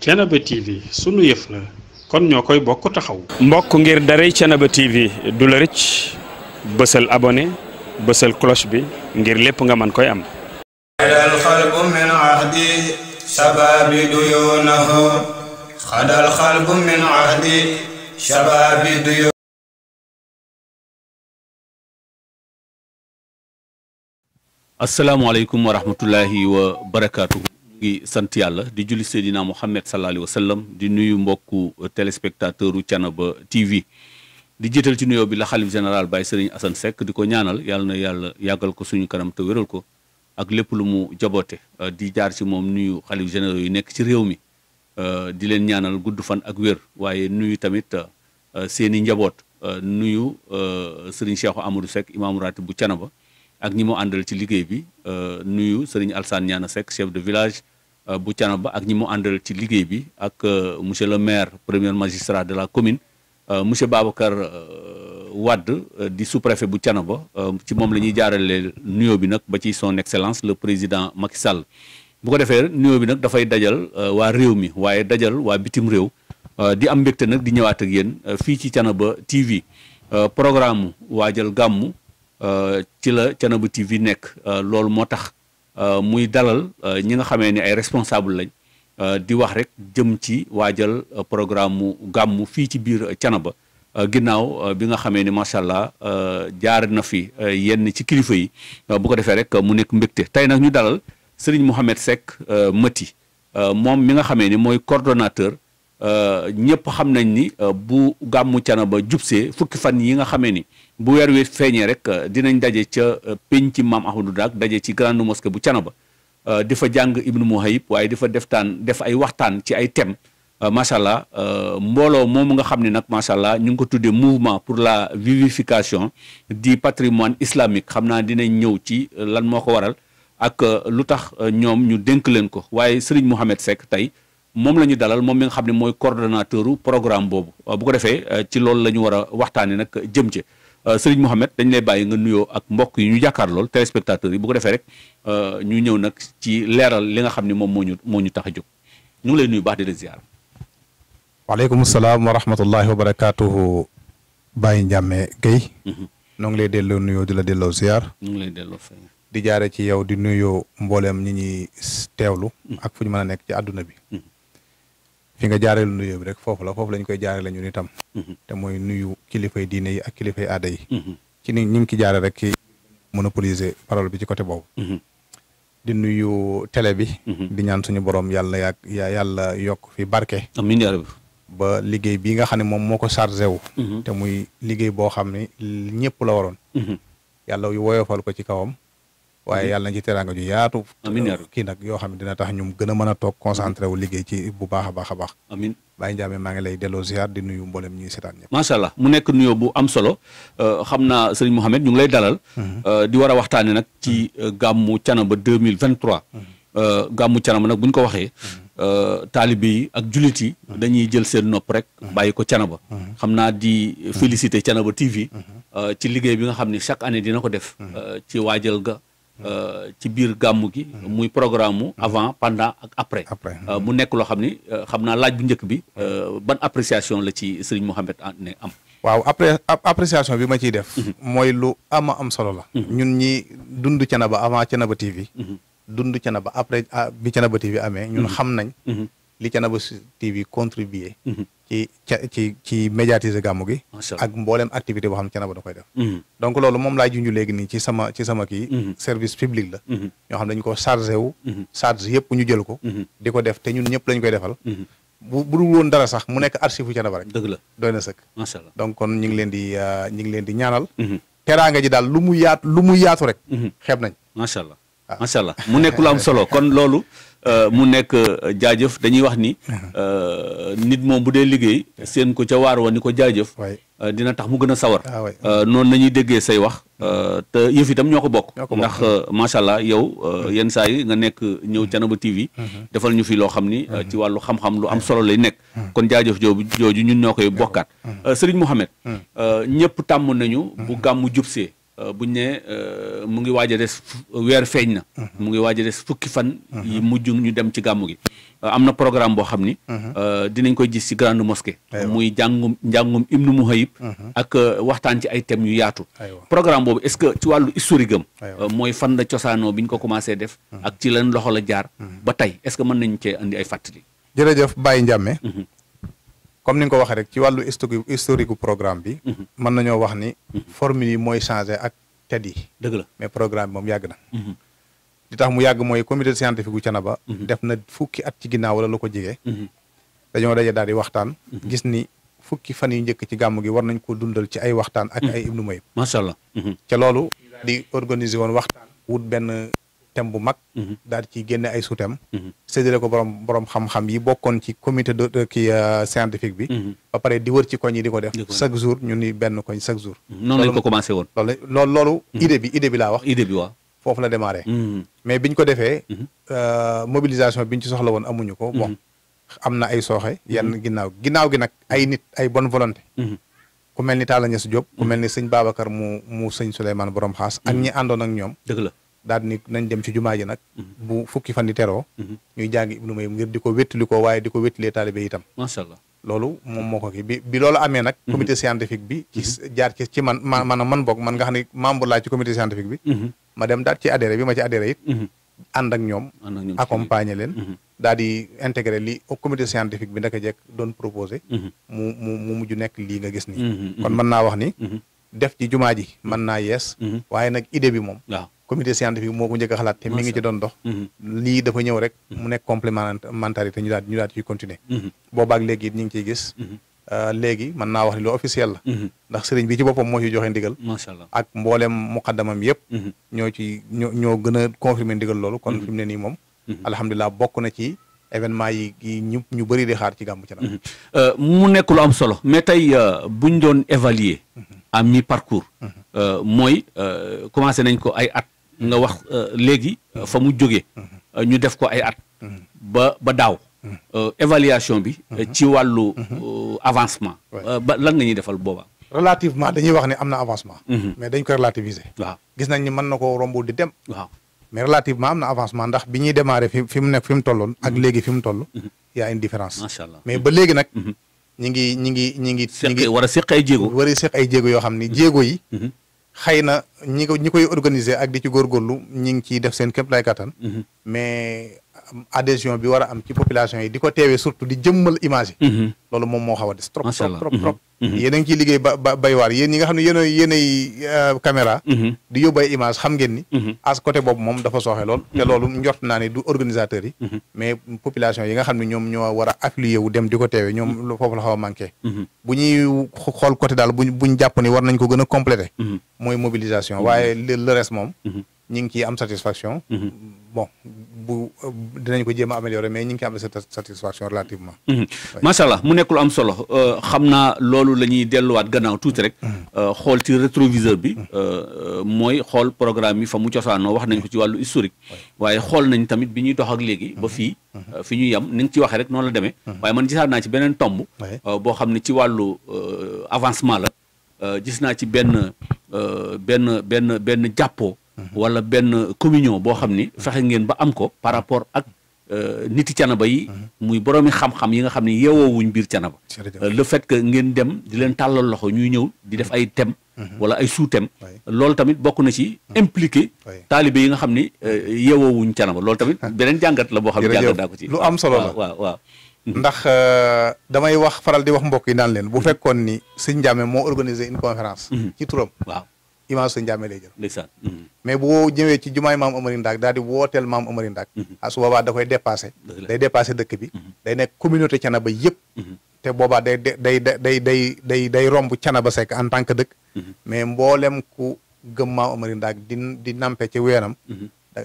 Thiénaba TV yëf la kon ñoo koy bokk taxaw. mbokk ngir daray Thiénaba TV du la rëcc bësal abonné bësal cloche bi ngir lépp nga mën koy am. xadal xalbu min ahdi shababi duyunahu xadal xalbu min ahdi shababi duyunahu asalaamaaleykum sant yàlla di julli Seydina Mouhamed sallallahu alayhi wa sallam di nuyu mbokku téléspectateur u cana Thiénaba TV di jiital ci nuyo bi la xalif général Baye Serigne Assane sekk di ko ñaanal yàlla na yàlla yàggal ko suñu kanam te wéral ko ak lépp lu mu jaboote euh, di jaar ci moom nuyu xalif généraux yu nekk ci réew mi euh, di leen ñaanal gudd fan ak wér waaye nuyu tamit euh, seeni njaboot nuyu Serigne Cheikhou Amadou Seck imam ratib bu Thiénaba ak ñi mu àndal ci liggéey bi nuyu Serigne alsaan Niana sekk chef de village Euh, bu Thiénaba ak ñi mu àndal ci liggéey bi ak euh, monsieur le maire premier magistrat de la commune euh, monsieur Babacar wadd di sous-préfet bu Thiénaba ci moom la ñuy jaarale nuyoo bi nag ba ci son excellence le président Macky Sall bu ko defee nuyoo bi nag dafay dajal waa réew mi waaye dajal waa bitim réew di am mbégte nag di ñëwaat ak yéen fii ci Thiénaba TV programme waajal gàmmu ci la Thiénaba TV nekk loolu moo tax Euh, muy dalal euh, ñi nga xamee ni ay responsable lañ euh, di wax rek jëm ci waajal programme mu gàmmu fii ci biir cana ba ginnaaw bi nga xamee ni macha allah jaar na fi yenn ci kilifa yi bu ko defee rek mu nekk mbégte tey nag ñu dalal Serigne Mouhamed Seck Mati moom mi nga xamee ni mooy coordonnateur ñëpp xam nañ ni bu gàmmu Thiénaba jubsee fukki fan yi nga xamee ni. bu weer wi feeñee rek euh, dinañ daje ca euh, pénc ci maam Ahmadou Daak daje ci grande mosquée bu Canaba euh, di fa jàng Ibnu Muhayib waaye di fa def taan def ay waxtaan ci ay thèmes macha allah mbooloo moomu nga xam ne nag macha allah ñu ngi ko tuddee mouvement pour la vivification du patrimoine islamique xam naa dinañ ñëw ci lan moo ko waral ak lu tax ñoom ñu dénk leen ko waaye Serigne Mohamed Seck tey moom la ñu dalal moom mi nga xam ne mooy coordonnateur programme boobu bu ko defee ci loolu la ñu war a waxtaanee nag jëm ci. Euh, Serigne Mohamed dañ lay bàyyi nga nuyoo ak mbokk yi ñu jàkkaar lool téléspectateurs yi bu ko defee rek euh, ñu ñëw nag ci leeral li nga xam ni moom moo ñu moo ñu tax a jóg ñu ngi lay nuyu baax di la ziar. waaleykum salaam wa rahmatullahi wa barakaatuhu Baye Ndiame Guèye. ñu mhm. ngi lay delloo nuyoo di la delloo ziar. ñu ngi lay delloo di jaare ci yow di nuyoo mbooleem ñi ñuy teewlu. Mhm. ak fu ñu mën a nekk ci àdduna bi. Mhm. fi nga jaareel nuyoo bi rek foofu la foofu lañ koy jaarale ñun itam. Mm-hmm. te mooy nuyu kilifay diine yi ak kilifay aada yi. Mm-hmm. ci ni ñu ngi ki jaare rek ki monopoliser parole bi ci côté boobu. Mm-hmm. di nuyu télé bi. di ñaan suñu borom yàlla yàgg yàlla yokk fi barke. amiin yaa ba liggéey bii nga xam ne moom moo ko chargé wu. te muy liggéey boo xam ne ñëpp la waroon. yàlla woyofal ko ci kawam. waaye yàlla na ci teraanga ju yaatu kii nag yoo xam ne dina tax ñu gën a mën a toog concentré wu liggéey ci bu baax a baax a baax amiin Baye Ndiame maa ngi lay delloo ziar di nuyu mboolem ñuy seetaan ñëpp macha allah mu nekk nuyoo bu am solo euh, xam naa sëriñ Mouhamed ñu ngi lay dalal mhm. euh, di war a waxtaane nag ci mhm. euh, gàmmu Canaba 2023 mhm. gàmmu Canaba nag bu ko waxee taalibe yi ak jullit yi dañuy jël seen nopp rek bàyyi ko Canaba xam naa di féliciter Canaba TV ci liggéey bi nga xam ne chaque année dina ko def ci waajal ga Euh, ci biir gàmmu gi mhm. muy programme mu mhm. avant pendant ak après euh, mhm. mu nekk loo xam ni euh, xam naa laaj bu njëkk bi ban appréciation la ci sëriñ Mouhamed ne am waaw après appréciation bi ma ciy def mooy lu ama am solo la ñun ñi dund Thiénaba avant Thiénaba TV dund Thiénaba après ah, bi Thiénaba TV amee ñun xam nañ li Thiénaba TV contribuer ci ci ci médiatiser gàmmu gi. ak mboolem activité boo xam ne Thiénaba da koy def. Mm-hmm. donc loolu moom laa junj léegi nii ci sama ci sama kii. Mm-hmm. service public la. Mm-hmm. ñoo xam dañ ko chargé wu. charge yëpp ñu jël ko. di ko def te ñun ñëpp lañ koy defal. bu bu woon dara sax mu nekk archive fu Thiénaba rek. dëgg la doy na sëkk. macha allah donc kon ñu ngi leen di euh, ñu ngi leen di ñaanal. teraanga ji daal lu mu yaatu lu mu yaatu rek. xeeb nañ. macha allah macha allah mu nekk lu am solo kon loolu euh, mu nekk euh, jaajëf dañuy wax ni euh, nit moom bu dee liggéey seen ko ca waar wa ni ko jaajëf dina tax mu gën a sawar ah, noonu ñuy déggee say wax mm. te yëf itam ñoo ko bokk ndax macha allah yow mm. yenn saa yi nga nekk ñëw Thiénaba TV mm-hmm. defal ñu fi loo xam ni mm-hmm. ci wàllu xam-xam lu am mm. solo lay nekk kon jaajëf jooju jooju ñun ñoo koy bokkaat Serigne Mohamed ñëpp tàmm nañu bu gàmmu jubsee Euh, bu ñu ne euh, mu ngi waaja des weer feeñ na mhm. mu ngi waaja a des fukki fan mhm. yi mujj ñu dem ci gàmmu gi euh, am na programme boo xam ni mhm. dinañ koy gis ci grande mosquée muy jàngum njàngum ibnu muhayib ak waxtaan ci ay thèmes yu yaatu programme boobu est-ce que ci wàllu historique am mooy fan la cosaanoo bi ñu ko commencé def ak ci leen loxo la jaar ba tey est-ce que mën nañ cee indi ay fàttali jërëjëf Baye Ndiame comme ni nga ko waxee rek ci wàllu historique programme bi. Mhm. mën nañoo wax ni. Mhm. formule yi mooy changé ak TED yi. dëgg mais programme bi moom yàgg na. Mhm. li tax mu yàgg mooy comité scientifique bu ba def na fukki at ci ginnaaw wala lu ko jege. dañoo daje daal di waxtaan. gis ni fukki fan yi njëkk ci gàmm gi war nañ ko dundal ci ay waxtaan. ak ay ibnu mayib. macha ca loolu di organiser woon waxtaan wut benn thème bu mag mm-hmm. daal ci génne ay sous-thèmes mm-hmm. séddale ko borom borom xam-xam yi bokkoon ci comité de ki euh, scientifique bi mm-hmm. ba pare di wër ci koñ yi di ko def chaque jour ñu ni benn koñ chaque jour noonu lañ ko commencé woon loolu loolu loolu idée bi idée bi laa wax idée bi waaw foofu la démarré mais biñ ko defee euh, mobilisation biñ ci soxla woon amuñu ko bon am na ay sooxe yenn ginnaaw ginnaaw gi nag ay nit ay bon volonté ku mel ni taal Talla Niass Diop ku mel ni sëñ Babacar mu mu sëñ Souleymane borom xaas ak ñi àndoon ak ñoom dëgg la daal ni nañ dem ci jumaa ji nag mhm. bu fukki fan yi teroo mhm. ñuy jàng ibnu mayim ngir di ko wéttali ko waaye di ko wéttalee taalibe itam masha Allah loolu moom moo ko kii bi bi loolu amee nag mhm. comité scientifique bi jaar ci ci man ma man boog man nga xam ne membre laa ci comité scientifique bi ma dem daal ci adhéré bi ma ci adhéré it ànd ak ñoom accompagner leen daal di intégré li o comité scientifique bi ndaka jekk doon proposé mu mu mu mujj nekk lii nga gis ni kon man naa wax ni def ci jumaa ji man naa yees waaye nag idée bi moom waaw comité scientifique moo ko njëkk a xalaat te mi ci doon dox mhm. lii dafa ñëw rek mhm. mu nekk complémentarité ñu ñu daal ciy continuer mhm. boobaak léegi it ñu ngi ciy gis euh, léegi mën naa wax ni lu officiel la ndax sëriñ bi ci boppam moo ci joxe ndigal macha allah ak mbooleem muqaddamam yëpp ñoo ci ñoo a confirmer ndigal loolu kon fi mu ne nii moom alhamdulilah na yi ñu ñu bëri di xaar ci gàmmu ci nag euh, mu nekk lu am solo mais tey euh, buñ doon évaluer à mi parcours mooy commencé nañ ko ay at nga wax euh, léegi euh, fa mu jóge mm-hmm. ñu def ko ay at mm-hmm. ba ba daaw mm-hmm. euh, évaluation bi ci wàllu avancement ba lan la ñuy defal boobaa relativement dañuy wax ne am na avancement mais dañ ko relativiser waaw gis nañ ni mën na ko romb di dem waaw mais relativement am na avancement ndax bi ñuy démarré fi fi mu nekk fi mu tolloon ak léegi fi mu toll y a une allah mais ba léegi nag ñi ngi ñi ngi ñi ngi ñi ngi seq ay jéego war a ay jéego yoo xam ni jéego yi xëy na ñi ko ñi koy organiser ak di ci góorgóorlu ñi ngi ciy def seen képp lay kattan. Mhm. mais adhésion bi war am ci population yi di ko teewee surtout di jëmmal image yi. Mhm. loolu moom moo xaw a des. trop trop trop. Mhm. Mm-hmm. yéen a ngi liggéey ba ba baywaar yéen ñi nga xam ne yéenay yéenay euh, caméra mm-hmm. di image xam ngeen ni mm-hmm. as côté boobu moom dafa sooxe lool te loolu njort naa ne du organisateurs yi mais population yi nga xam ne ñoom ñoo war a affilié wu dem di ko teewee ñoom foofu la xaw a manqué bu ñuy xool côté daal bu buñ jàpp ni war nañ ko gën a complété mooy mobilisation waaye le reste moom ñu ngi ciy am satisfaction. Mhm. bon bu dinañ ko jéem a améliorer mais ñi ngi ciy am satisfaction relativement. Mhm. macha allah mu nekk lu am solo euh, xam naa loolu la ñuy delluwaat gannaaw tuuti rek. Mhm. Euh, xool ci rétroviseur bi. Euh, mooy xool programme yi fa mu cosaanoo wax nañ ko ci wàllu historique. waaye xool nañ tamit bi ñuy dox ak léegi. ba fii fi ñuy yam ni nga ci waxee rek noonu la demee. waaye man gisaat naa ci beneen tomb. boo xam ne ci wàllu avancement la. gis naa ci benn benn benn benn jàppoo. wala benn communion boo xam ni fexe ngeen ba am ko par rapport ak euh, niti canaba yi mhm. muy boroomi xam-xam yi nga xam ni yeewoowuñ biir canaba euh, le fait que ngeen dem di leen tàllal loxo ñuy ñëw di def ay thème mhm. wala ay sous-thème loolu tamit bokk na ci mhm. impliqué taalibe yi nga xam ni euh, yeewoowuñ canaba loolu tamit beneen jàngat la boo xam ne jàngat daa ko ci lu am solo la waaw waaw ndax damay wax faral di wax mbokk yi naan leen bu fekkoon ni sëñ Ndiame moo organisé une conférence ci image sëñ Ndiamé lay jël ndeysaan mhm. mais boo ñëwee ci jumaay maam Amari Ndaak daal di maam Amari Ndaak mhm. ah da koy dépassé day dépassé dëkk bi mhm. day nekk communauté Thiénaba yëpp te boobaa day day romb Thiénaba Seck en tant que dëkk mais mboolem ku gëm maam Amari di di nampe ci weenam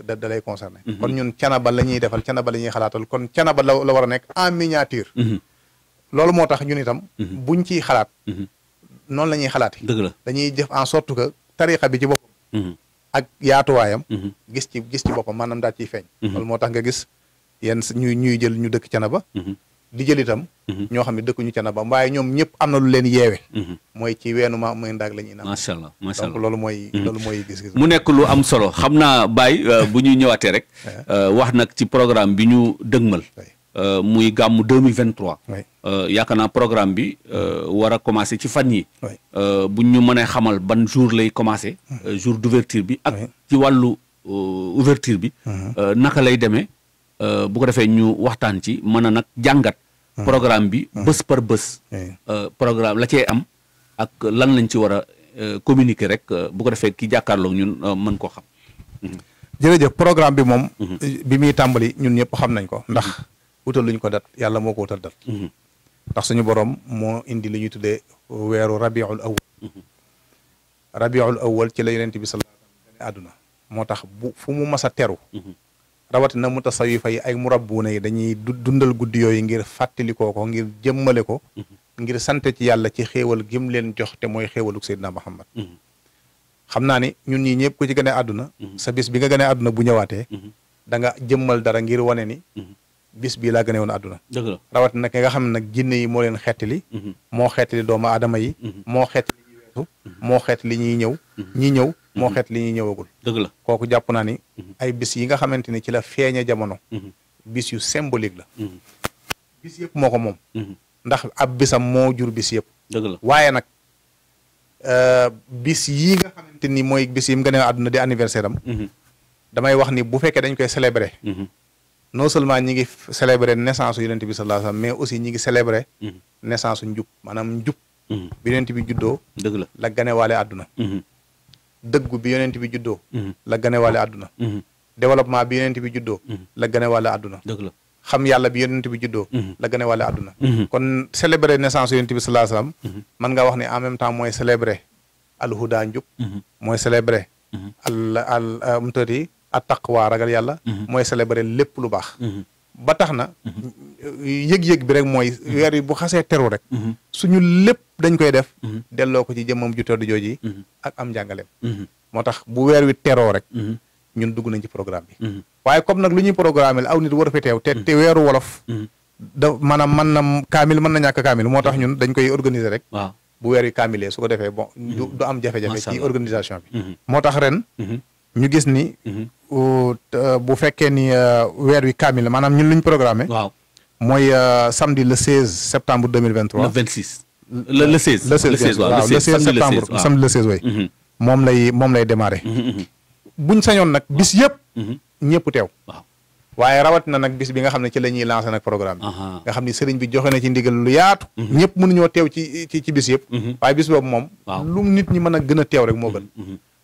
da da lay concerné kon ñun Thiénaba la ñuy defal Thiénaba la ñuy xalaatal kon Thiénaba la la a nekk en miniature loolu moo tax ñun itam buñ ciy xalaat noonu la ñuy xalaat la dañuy def en sorte tarixa bi ci boppam mhm. ak yaatuwaayam mhm. gis ci gis ci boppam maanaam daal ciy feeñ mhm. loolu moo tax nga gis yenn ñuy ñuy jël ñu dëkk cana ba di jël itam ñoo xam ne dëkkuñu ba waaye ñoom ñëpp am na lu leen yeewe mooy ci weenu ma mooy ndaag la ñuy naan macha allah macha allah donc loolu mooy loolu mooy gis-gis mu nekk lu am solo xam naa baay euh, bu ñuy ñëwaatee rek euh, wax nag ci programme bi ñu dëgmal Euh, muy gàmmu 2023. Euh, yaakaar naa programme bi euh, war a commencé ci fan yi buñ ñu mënee xamal ban jour lay commencé. Mm. jour d'ouverture bi ak ci wàllu ouverture bi. Mm-hmm. naka lay demee bu ko defee ñu waxtaan ci mën nag jàngat. Mm. programme bi mm. bës par bés. programme la cee am ak lan lañ ci war a communiquer rek bu ko defee ki jàkkaarloog ñun mën koo xam. Mm-hmm. jërëjëf programme bi moom. Mm-hmm. bi muy tàmbali ñun ñëpp xam nañ ko ndax. utal luñ ko dat yàlla moo ko utal dat mhm. ndax suñu borom moo indi li ñuy tuddee weeru rabiul awal mhm. rabiul awal ci la yonent bi sallallahu alayhi wasallam moo tax bu fu mu mas a teru mhm. rawatina mutasawifa yi ay murabbuuna yi dañuy dundal guddi yooyu ngir fàttalikoo ko ngir jëmmale ko ngir sante ci yàlla ci xéewal gim leen jox te mooy xéewaluk Seydina Muhammad xam naa ni ñun ñii ñëpp ko ci gane àdduna sa bis bi nga gane àdduna bu ñëwaatee danga jëmmal dara ngir wane ni bis bii laa gënee woon àdduna rawatina nag nga xam ne nag jinne yi moo leen xettali mhm. moo xettali doomu aadama yi mhm. moo xettali ñuy weesu mhm. moo ñuy ñëw ñi ñëw moo xettali ñuy ñëwagul dëgg la kooku jàpp naa ni ay bis yi nga xamante ni ci la feeñe jamono bis yu symbolique la bis yëpp moo ko moom ndax ab bisam moo jur bis yëpp dëgg la waaye nag euh, bis yii nga xamante ni mooy bis yi mu gënee àdduna di anniversaire am damay wax ni bu fekkee dañ koy célébrer non seulement ñi ngi célébrer naissance yonent bi sallallahu alayhi wasallam mais aussi ñi ngi célébrer mhm. naissance njub maanaam njub mhm. bi yonent bi juddoo la la ganewaale àdduna mhm. dëggu bi yonent bi juddoo la ganewaale àdduna développement bi yonent bi juddoo la ganewaale àdduna dëgg la xam yàlla bi yonent bi juddoo la ganewaale àdduna kon célébrer naissance yonent bi sallallahu alayhi wasallam man nga wax ne en même temps mooy célébrer alhuda njub mooy célébrer al al euh, mu waa ragal yàlla mhm. mooy célébrer lépp lu baax mhm. ba tax na mhm. yëg-yëg bi rek mooy weer yi bu xasee teru rek suñu lépp dañ koy def delloo ko ci jëmmam ju tedd jooji ak am njàngaleem moo tax bu weer wi teroo rek ñun dugg nañ ci programme bi waaye comme nag lu ñuy programme aw nit war a fi teew te weeru wolof da maanaam man na kaamil mën na ñàkk kaamil moo tax ñun dañ koy organiser rek bu weer wi kaamilee su ko defee bon du am jafe-jafe ci organisation bi moo tax ñu gis ni. Mhm. bu fekkee ni euh, weer wi kaamil maanaam ñun lu ñu programmé. waaw mooy euh, samedi le 16 septembre 2023. le 26. le le 16. le 16 waaw le 16 septembre samedi le 16 waaye. Mhm. moom lay moom lay démarré. Mhm, buñ sañoon nag bis yëpp. ñëpp teew. waaye rawat na nag bis bi nga xam ne ci la ñuy lancé nag programme bi nga xam ne sëriñ bi joxe na ci ndigal lu yaatu ñëpp mënuñoo teew ci ci ci bis yëpp waaye bis boobu moom lu nit ñi mën a gën a teew rek moo gën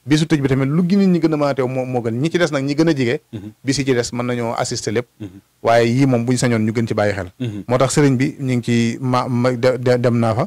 bisu tëj bi tamit lu gi nit ñi gën a mën a teew moo moo gën ñi ci des nag ñi gën a jige mhm. bis yi ci des mën nañoo assister lépp mhm. waaye yii moom buñ sañoon ñu gën ci bàyyi xel mhm. moo tax sëriñ bi ñu ngi ci ma dem naa fa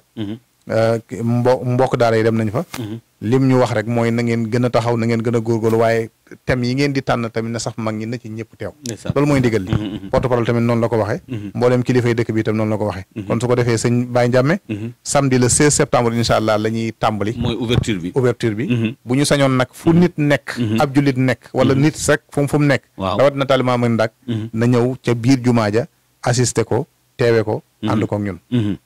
Euh, mbo mbokk daara yi dem nañ fa. Mhm. lim ñu wax rek mooy na ngeen gën a taxaw na ngeen gën a góorgóorlu waaye thèmes yi ngeen di tànn tamit na sax mag ñi na ci ñëpp teew. loolu mooy ndigal li. Mhm, mhm. porte parole tamit noonu la ko waxee. mboolem kilifay dëkk bi itam noonu la ko waxee. kon su ko defee sëñ Baye Ndiame. samedi septembre incha allah la ñuy tàmbali. mooy ouverture bi ouverture bi. bu ñu sañoon nag fu nit nekk. ab jullit nekk wala nit sax fu mu nekk. waaw na talimaa mën ndak na ñ ca biir jumaa ja assisté ko teewe ko. ànd koog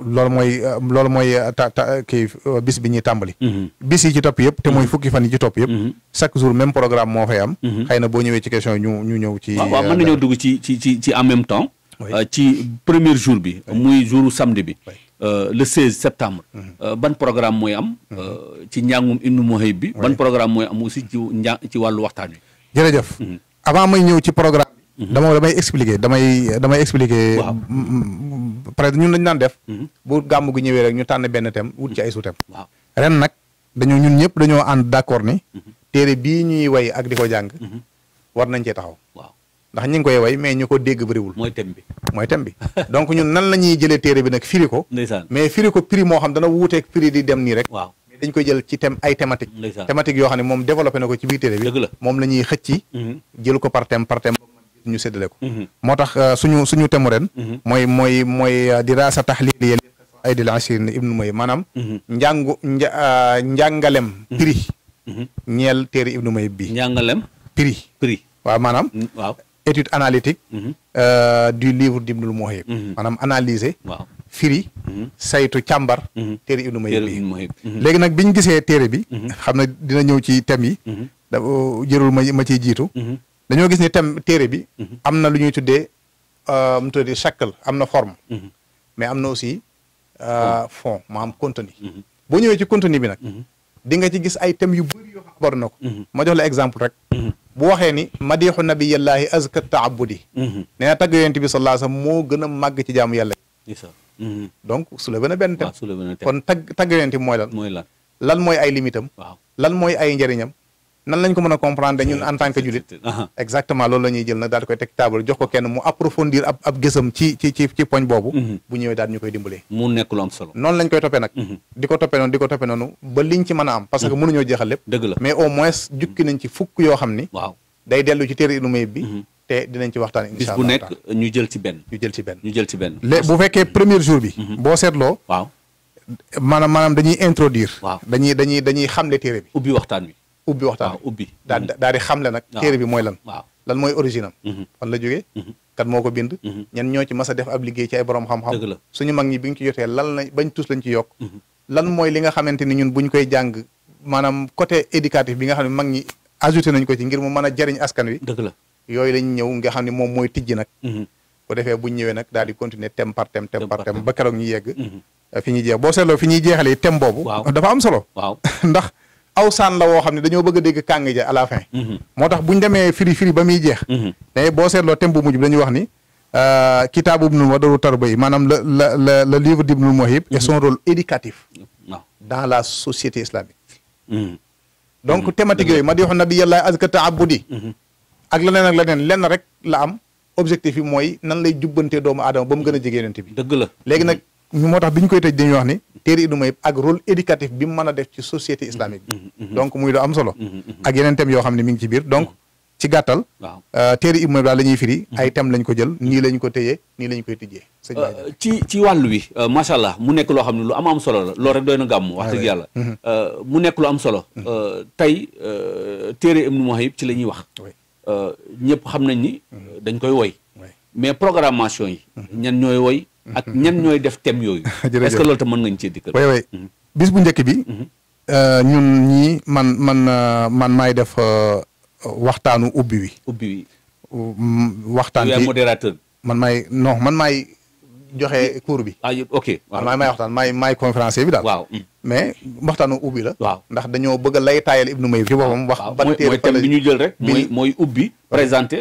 loolu mooy loolu mooy euh, ta ta kii euh, bis bi ñuy tàmbali. Mhm. bis yi ci topp yëpp te mooy mhm. fukki fan yi ci topp yëpp. Mhm. chaque jour même programme moo fay am. xëy na boo ñëwee ci question ñu ñu ñëw ci. waaw waaw mën euh, nañoo dugg ci ci ci ci en même temps. ci premier jour bi. muy jour samedi bi. le 16 septembre. ban programme mooy am. ci njàngum Ibnu Muhayib bi. ban programme mooy am aussi ci njàng ci wàllu waxtaan wi. jërëjëf. avant may ñëw ci programme. dama damay expliquer damay damay expliquer. waaw pare ñun lañu daan def. Mm-hmm. bu gàmm gi ñëwee rek ñu tànn benn tem wut ci ay sous mm-hmm. ren nag dañoo ñun ñëpp dañoo ànd d'accord ni. Mm-hmm. téere bii ñuy way ak di ko jàng. war nañ cee taxaw. waaw ndax ñi ngi koy way mais ñu ko dégg bëriwul. mooy thème bi mooy thème bi. donc ñun nan la ñuy jëlee téere bi nag firi ko. mais firi ko prix moo xam dana wuuteeg prix di dem nii rek. dañ koy jël ci thème ay thématique thématique yoo xam ne moom développé na ko ci biir téere bi moom la ñuy xëcc jël ko par thème par lépp ñu séddale ko mhm. moo tax euh, suñu suñu temu ren mhm. mooy mooy mooy dirasa taxliliya ay di la ashirin ibnu may maanaam mhm. njàngu euh, njàngalem prix ñeel téere ibnu may bi njàngalem prix prix waaw maanaam waaw étude analytique euh, du livre d'Ibnul Mouhayib maanaam analyser waaw firi saytu càmbar téere ibnu may bi léegi nag biñ gisee téere bi xam na dina ñëw ci thème yi da jërul ma ma ciy jiitu dañoo gis ni thème téere bi. Mhm. am na lu ñuy tuddee euh, mu tuddee chacal am na forme. Mhm. mais am na aussi euh, fond maanaam contenu. Mhm. boo ñëwee ci contenu bi nag. di nga ci gis ay thèmes yu bëri yoo xam na ma jox la exemple rek. bu waxee ni madixu nabiyallaahi azka taabudi. nee na tagg yonent bi sallallaahu alayhi moo gën a màgg ci jaamu yàlla yi. donc soulevé na benn thème. kon tagg tagg yonent mooy lan. mooy lan lan mooy ay limitam. lan mooy ay njëriñam. nan lañ ko mën a comprendre ñun en tant que julit uh-huh. exactement loolu la ñuy jël nag daal di koy teg table jox ko kenn mu approfondir ab ab ci poñ boobu mm-hmm. bu ñëwee daal ñu koy dimbalee mu nekk lu am solo noonu lañ koy toppee nag mm-hmm. di ko toppee noonu di ko toppee ba liñ ci mën a am parce que mm-hmm. mënuñoo jeexal lépp dëgg la mais au moins jukki nañ ci fukk yoo xam ni waaw day dellu ci téere Ibnul Muhib bi te dinañ ci waxtaan incha allah nekk ñu jël ci benn ñu jël ci benn ñu jël ci benn léegi bu fekkee premier jour bi boo seetloo waaw maanaam maanaam dañuy introduire waaw dañuy dañuy dañuy xamle téere bi ubbi wi ubbi waxtaan waaw ubbi daal mm-hmm. daal di xamle nag téere bi mooy lan waaw lan mooy origine mm-hmm. fan la jógee mm-hmm. kan moo ko bind ñan ñoo ci mas a def ab liggéey ci ay borom xam-xam suñu mag ñi bi nga ci jotee lan la bañ tus lañ ci yokk lan mooy li nga xamante ni ñun buñ koy jàng maanaam côté éducatif bi nga xam ne mag ñi ajouté nañ ko ci ngir mu mën a jariñ askan wi dëgg la yooyu lañ ñëw nga xam ne moom mooy tijji nag bu defee buñ ñëwee nag daal di continuer thème par thème thème par thème ba keroog ñu yegg fi ñu jeex boo seetloo fi ñuy jeexalee thème boobu dafa am solo aw saan la woo xam ne dañoo bëgg a dégg kàng ja à la fin mhm. moo tax buñ demee firi firi ba muy jeex mhm. mais boo seetloo thème bu mujj bi dañuy wax ni euh, kitaabu Ibnul Wadaru Tarba yi maanaam le la la le livre d'Ibnul Mouhib et son mhm. rôle éducatif ah. dans la société islamique donc thématique yooyu ma di wax nabi yàllaay azka taabudi ak leneen ak leneen lenn rek la am objectif bi mooy nan lay jubbantee doomu aadama ba mu gën a jege yonent bi dëgg la léegi nag moo tax bi ñu koy tëj dañuy wax ni téere iduma yëpp ak rôle éducatif bi mu mën a def ci société mm-hmm. islamique bi mm-hmm. donc muy lu am solo mm-hmm. ak yeneen thèmes yoo xam ne mi ngi ci biir donc ci gàttal euh, téere iduma yëpp daal la ñuy firi ay lañ ko jël nii lañ ko tëjee nii lañ koy tëjee sëñ euh, ci ci wàllu wi euh, macha allah mu nekk loo xam ne lu am am solo la loo rek doy na gàmm wax dëgg ah yàlla mu nekk lu am solo tey téere iduma yëpp ci la ñuy wax ñëpp xam nañ ni dañ koy woy mais programmation yi ñan ñooy woy ak ñan ñooy def thème yooyu. jërëjëf est-ce que loolu tam mën ngañ cee dikkal. way way bis bu njëkk bi. Mm-hmm. Euh, ñun ñii man man euh, man maay def euh, waxtaanu ubbi wi. ubbi wi. waxtaan bi modérateur. man maay non man maay joxe cours bi. ah ok waaw maay maay waxtaan maay maay bi daal. mais waxtaanu ubbi la. waaw ndax dañoo bëgg a lay taayal Ibnu Mayib. ci boppam wax ban téere mooy thème bi ñu jël rek. mooy mooy ubbi présenté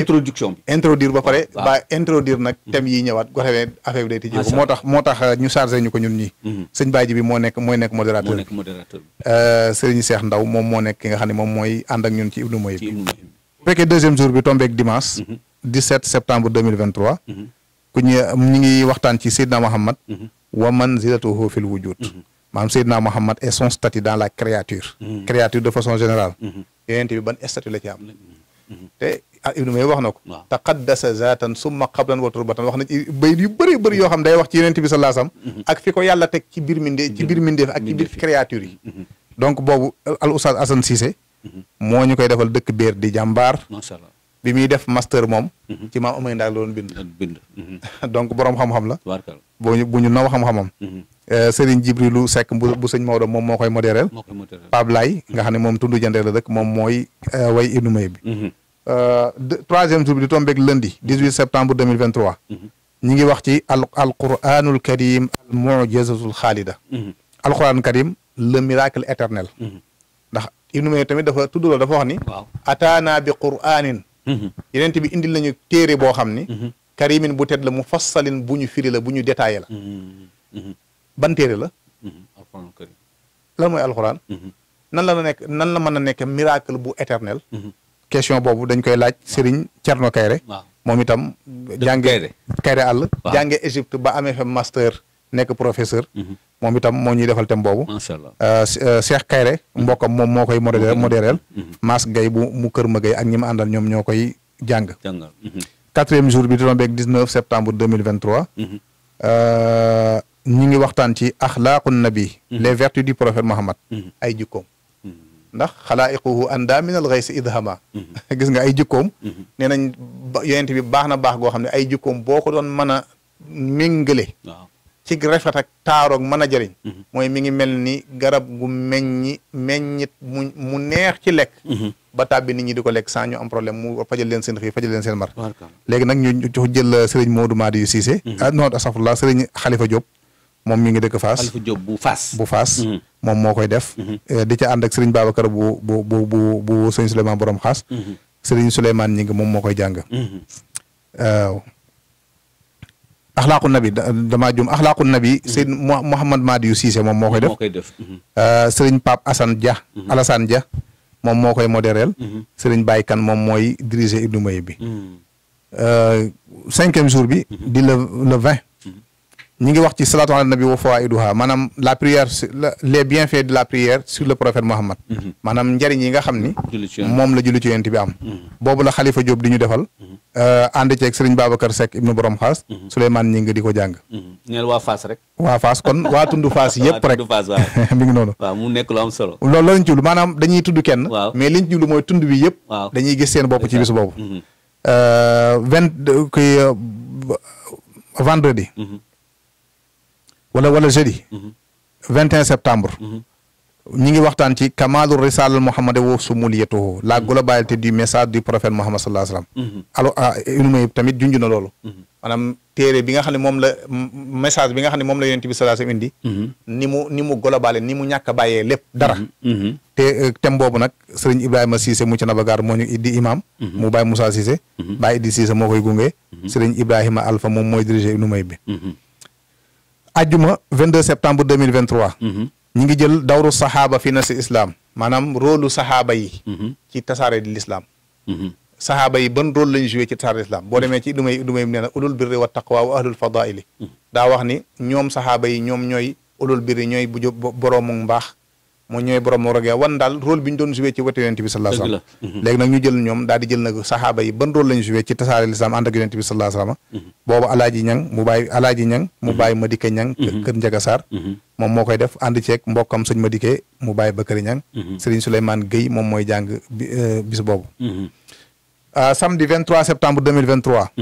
introduction bi. introduire ba pare. ba introduire nag thème yi ñëwaat gox yi affaire bi day tijjee ko moo tax euh, ñu chargé ñu ko ñun ñi mhm. sëñ Badji bi moo nekk mooy nekk modérateur bi. moo euh, nekk Ndaw moom moo nekk ki nga xam ne moom mooy ànd ak ñun ci Ibnu Mayib. bu fekkee deuxième jour bi tombé ak dimanche 17 mhm. septembre 2023 ku ñu ñu ngi waxtaan ci Seydina Muhammad mhm. wa man manzilatuhu fil wujud mhm. maanaam Seydina Muhammad est son statut dans la créature mhm. créature de façon générale yonent bi ban statut la ci am te a ah, may wax na ko taqaddasa zaatan summa qablan ba turbatan wax na ci bayit yu bëri bëri yoo xam day wax ci yonent bi sallallahu alayhi wasallam ak fi ko yàlla teg ci biir mindee ci biir mindee ak ci biir créature yi donc boobu al oustaz Assane Cissé moo ñu koy defal dëkk béer di jàmbaar macha bi muy def master moom. Mhm. ci maam amay ndaag la doon bind. bind. Mhm. donc borom xam-xam la. bu ñu bu ñu naw xam-xamam. Mhm. Eh, Serigne Jibrilu Seck bu bu sëñ Maodo moom moo koy modéré. moo koy modéré Pape Laye nga xam ne moom tundu jëndee la rek moom mooy eh, way Ibnu May bi. Eh, troisième jour bi di tombeeg lundi 18 septembre 2023. ñu ngi wax ci al alquranul karim al mujizatul xaalida. alquranul karim le miracle éternel. ndax Ibnu May tamit tudd loolu dafa wax ni. waaw ataana bi quranin yenent bi indil nañu téere boo xam ni mhm. karimin bu tedd la mu fassalin bu ñu firi la bu ñu détaillé la mhm. Mhm. ban téere la lan mooy alxuraan nan la nekk na a nekk miracle bu éternel question boobu dañ koy laaj Serigne Thierno Kayre moom itam jànge Kayre àll jànge Égypte ba amee fa master nekk professeur. Mhm. moom itam moo ñuy defal thème boobu. macha allah euh, euh, Cheikh Kayre mbokkam moom moo koy modéré modéreel. Mhm. Mass Gueye bu mu kër ma Gueye ak ñi ma àndal ñoom ñoo koy jàng. jàngal mhm. quatrième jour bi tombé ak 19 septembre 2023. Euh, ñu ngi waxtaan ci axlaaqu nabi. les vertus du prophète Mohammed. ay jikkoom. ndax xalaa'iquhu anda min al ghaysi idhama gis nga ay jikkoom. nee nañ yonent bi baax na baax goo xam ne ay jikkoom boo ko doon mën a méngale. ci rafet ak taaroog mën a jëriñ mhm. mooy mi ngi mel ni garab gu meññi meññit mu mu neex ci lekk mhm. ba tàbbi nit ñi di ko lekk sans ñu am problème mu fajal leen seen xiif fajal leen seen mar léegi nag ñu jël euh, sëriñ Modou Madi yu Cissé mhm. ah non asafullah sëriñ Xalifa Diop moom mi ngi dëkk Faas Xalifa bu Faas bu Faas moom moo koy def euh, di ca ànd ak sëriñ Babacar bu bu bu bu bu sëriñ Souleymane xaas sëriñ Souleymane ñi ngi moom moo koy jàng axlaaqu nabi damaa jum axlaaqu nabi mhm. sëñ Mouhamad Madiou Cissé moom moo koy def koy def mhm. euh, sëriñ Pape Assane Dia mhm. Alassane Dia moom moo koy modéreel sëriñ Baye Kane moom mooy diriger Ibnu may bi euh, cinquième jour bi di le le vingt ñi ngi wax ci salaatu ala nabi wa fawaiduha maanaam la prière sur les bienfaits de la prière sur le prophète Muhammad mhm. maanaam njëriñ yi nga xam ni moom la julli ci yonent bi am mhm. boobu la Xalifa Diop di ñu defal mhm. euh, ànd ceeg Sëriñ Babacar Seck ibnu borom xaas Souleymane ñi ngi di ko jàng ñeel waa Faas rek waa kon waa tundu Faas yëpp rek mu nekk lu am solo loolu la ñu jublu maanaam dañuy tudd kenn mais liñ jublu mooy tund bi yëpp dañuy gis seen bopp ci bis boobu euh, euh, vendredi wala wala jeudi. 21 mhm. septembre. Mhm. ñi ngi waxtaan ci kamalu risal muhammad wa sumuliyatuhu la mhm. globalité du message du prophète muhammad sallallahu alayhi wasallam alors ah, Ibn Muhib tamit junj na loolu maanaam téere bi nga xam ne moom la message bi nga xam ne moom la yonent bi sallallahu alayhi wasallam indi ni mu ni mu globale ni mu ñàkk a bàyyee lépp dara te e, thème boobu nag sëriñ Ibrahima Cissé mu ci nabagaar moo ñu iddi imam mu Baye Moussa Cissé Baye Iddi Cissé moo koy gunge sëriñ ajjuma 22 septembre 2023. Mhm. ñi ngi jël dawru saxaaba fi na si islam maanaam rôlu saxaaba yi. Mhm. ci tasaare di l'islam. Mhm. saxaaba yi ban rôle lañ joué ci tasaare l'islam boo demee ci idumay idumay nee na ulul birri wa taqwa wa ahlul fadaili daa wax ni ñoom saxaaba yi ñoom ñooy ulul birri ñooy bu mbaax. moo ñooy borom moo rogee wan daal rôle bi ñu doon joué ci wetu yonent bi sallallahu alayhi wasallam léegi nag ñu jël ñoom daal di jël nag saxaaba yi ban rôle lañu joué ci tasaare lislaam ànd ak yonent bi sallallahu alayhi wasallam mhm. boobu alaaji ñang mu bàyyi alaaji ñang mu mhm. bàyyi madike ñang mhm. kër njaga saar moom moo koy def ànd ceeg mbokkam sëñ madike mu bàyyi bakari ñang sëriñ Souleymane Guèye moom mooy jàng euh, bis boobu euh, samedi 23 septembre 2023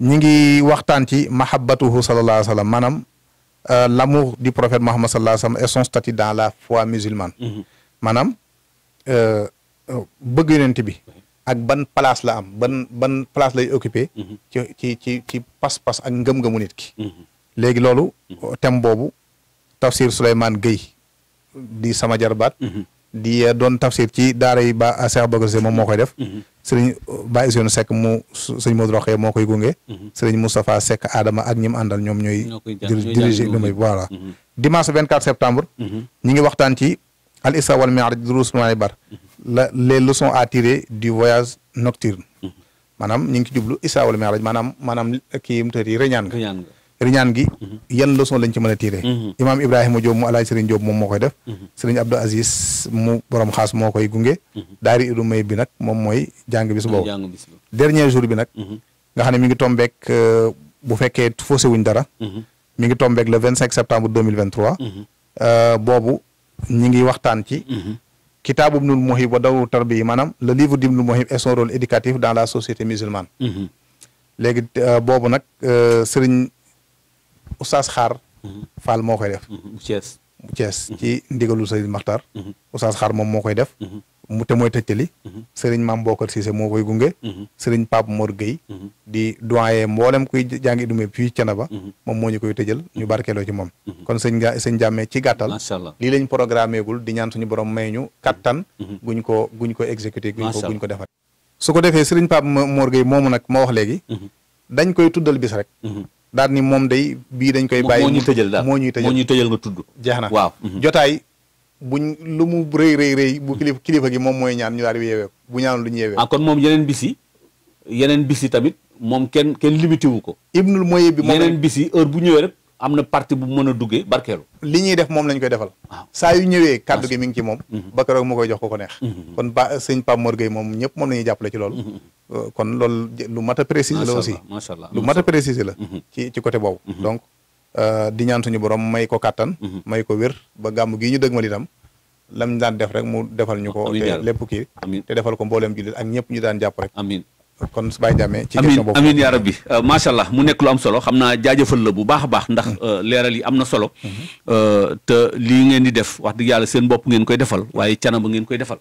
ñi ngi waxtaan ci mahabbatuhu sallallahu maanaam euh, l'amour du prophète Mohammed sallallahu alayhi wa sallam et son statut dans la foi musulmane. Mhm. maanaam euh, bëgg yonent bi. ak ban place la am ban ban place lay occupé. Mhm. ci ci ci ci pas-pas ak ngëm-ngëmu nit ki. Mhm. léegi loolu. thème boobu tafsir Souleymane Guèye di sama jarbaat. di euh, doon tafsir ci daara yi ba euh, Cheikh Bakar Si moom moo koy def. sëriñ Baye Ousseynou Seck mu sëñ Modou Rokhaya moo koy gunge. Mhm. sëriñ Moustapha Seck Adama ak ñi mu àndal ñoom ñooy. diriger diriger voilà. Mhm. dimanche 24 septembre. Mhm. ñi ngi waxtaan ci al isra wal mi'raj durus maay bar. la les leçons à tirer du voyage nocturne. maanaam ñu ngi ci jublu isra wal mi'raj maanaam maanaam kii yi mu tëdd yi reñaan nga. riñaan gi mhm. yan leçon lañ ci mën a tiré mhm. imaam ibrahima Diop mu alaaj sëriñ Diop moom moo koy def mhm. sëriñ Abdou Aziz mu borom xaas moo koy gunge daari idu may bi nag moom mooy jàng bis boobu dernier bi nag mi ngi tombeek euh, bu fekkee faussé wuñ dara mi ngi tombeek le vingt cinq septembre deux mille vingt trois euh, boobu ñi ngi waxtaan ci kitaabu Ibnul Mouhib wa dawru tarbiya maanaam le livre d'Ibnul Mouhib et son rôle éducatif dans la société musulmane léegi euh, boobu nag sëriñ oustaz xaar mhm. Fall moo koy def mhm. Thiès bu Thiès mhm. ci ndigalu Sëriñ Maxtar oustaz xaar moom moo koy def mu te mooy tëccali sëriñ Maam Bokar Cissé moo koy gunge sëriñ Pape Mor Gueye di doyen mboolem kuy jàngi dume fii Thiénaba moom moo ñu koy tëjal ñu barkeeloo ci moom kon sëñ sëñ jàmmee ci gàttal lii lañ programmé gul di ñaan suñu borom may ñu kattan guñ ko guñ ko exécuté guñ ko guñ ko defar su ko defee sëriñ Pape Mor Gueye moomu nag ma wax léegi dañ koy tuddal bis rek daal ni moom dey bii dañ koy bàyyi moo ñuy tëjal daal moo ñuy tëjal moo ñuy tëjal nga tudd jeex na waaw mhm. jotaay buñ lu mu rëy rëy rëy bu kilifa kilifa gi moom mooy ñaan ñu daal di yeewee bu ñaan lu ñu yeewee ah kon moom yeneen bis yi yeneen bis yi tamit moom kenn kenn limité wu ko ibnul mooy bi moo yeneen bis yi bu ñëwee rek am na parti bu mën a duggee barkeelu li ñuy def moom lañ koy defal saa ñëwee kàddu gi mi ngi ci moom mhm. ba keroog mu koy jox ko ko neex mhm. kon ba sëñ Pape Mor Gueye moom ñëpp moom la ñuy jàppale ci loolu mhm. euh, kon loolu lu mat a préciser la aussi macha allah lu mat a préciser la ci ci côté boobu donc euh, di ñaan suñu borom may ko kàttan may ko wér ba gàmm gii ñu dëgmal itam lam ñu daan def rek mu defal ñu ko te lépp kii te defal ko mbooleem jullit ak ñëpp ñu daan jàpp rek amiin kon su Baye Ndiame ci question boobu amiin yaa rabbi euh, macha allah mu nekk lu am solo xam naa jaajëfal la bu baax baax ndax mm-hmm. euh, leeral yi am na solo mm-hmm. euh, te lii ngeen di def wax dëgg yàlla seen bopp ngeen koy defal waaye canaba ngeen koy defal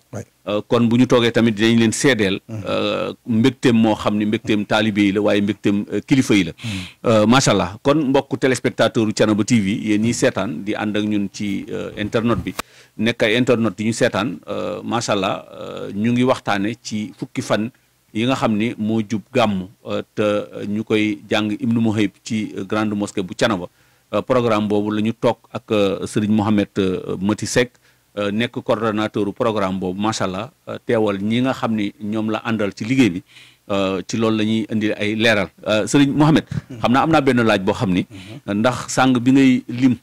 kon bu ñu toogee tamit dinañ leen seedeel mm-hmm. mbégteem moo xam ne mbégteem taalibe yi la waaye mbégteem kilifa yi la macha allah kon mbokk téléspectateur u canaba TV yéen ñiy seetaan di ànd ak ñun ci internet bi nekk ay internet di ñu seetaan macha allah ñu ngi waxtaane ci fukki fan yi nga xam ni moo jub gàmm euh, te ñu koy jàng ibnu muhayb ci grande mosquée bu Canaba euh, programme boobu la ñu toog ak euh, Serigne Mohamed Mati Seck nekk coordonnateur programme boobu macha allah teewal ñi nga xam ni ñoom la àndal ci liggéey bi ci loolu la ñuy indi ay leeral Serigne Mohamed. Mm-hmm. xam naa am naa benn laaj boo xam ni. Mm-hmm. ndax sàng bi ngay lim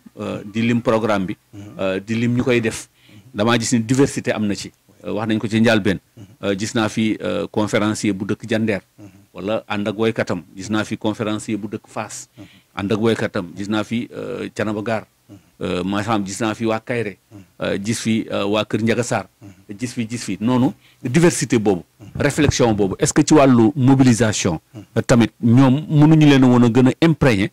di lim programme bi. Mm-hmm. di lim ñu koy def. damaa gis ni diversité am na ci. Euh, wax nañ ko ci njàlbeen mhm. euh, gis naa fi euh, conférencier bu dëkk Jandeer mhm. wala ànd ak woykatam gis naa fi conférencier bu dëkk Faas mhm. ànd ak woykatam gis naa fi Canaba Gaar maanaam gis naa fi waa Kayre gis fi waa Kër Njaga Saar gis fi gis fi noonu diversité boobu réflexion boobu est-ce que ci wàllu mobilisation tamit ñoom mënuñu leen a woon a gën a imprégné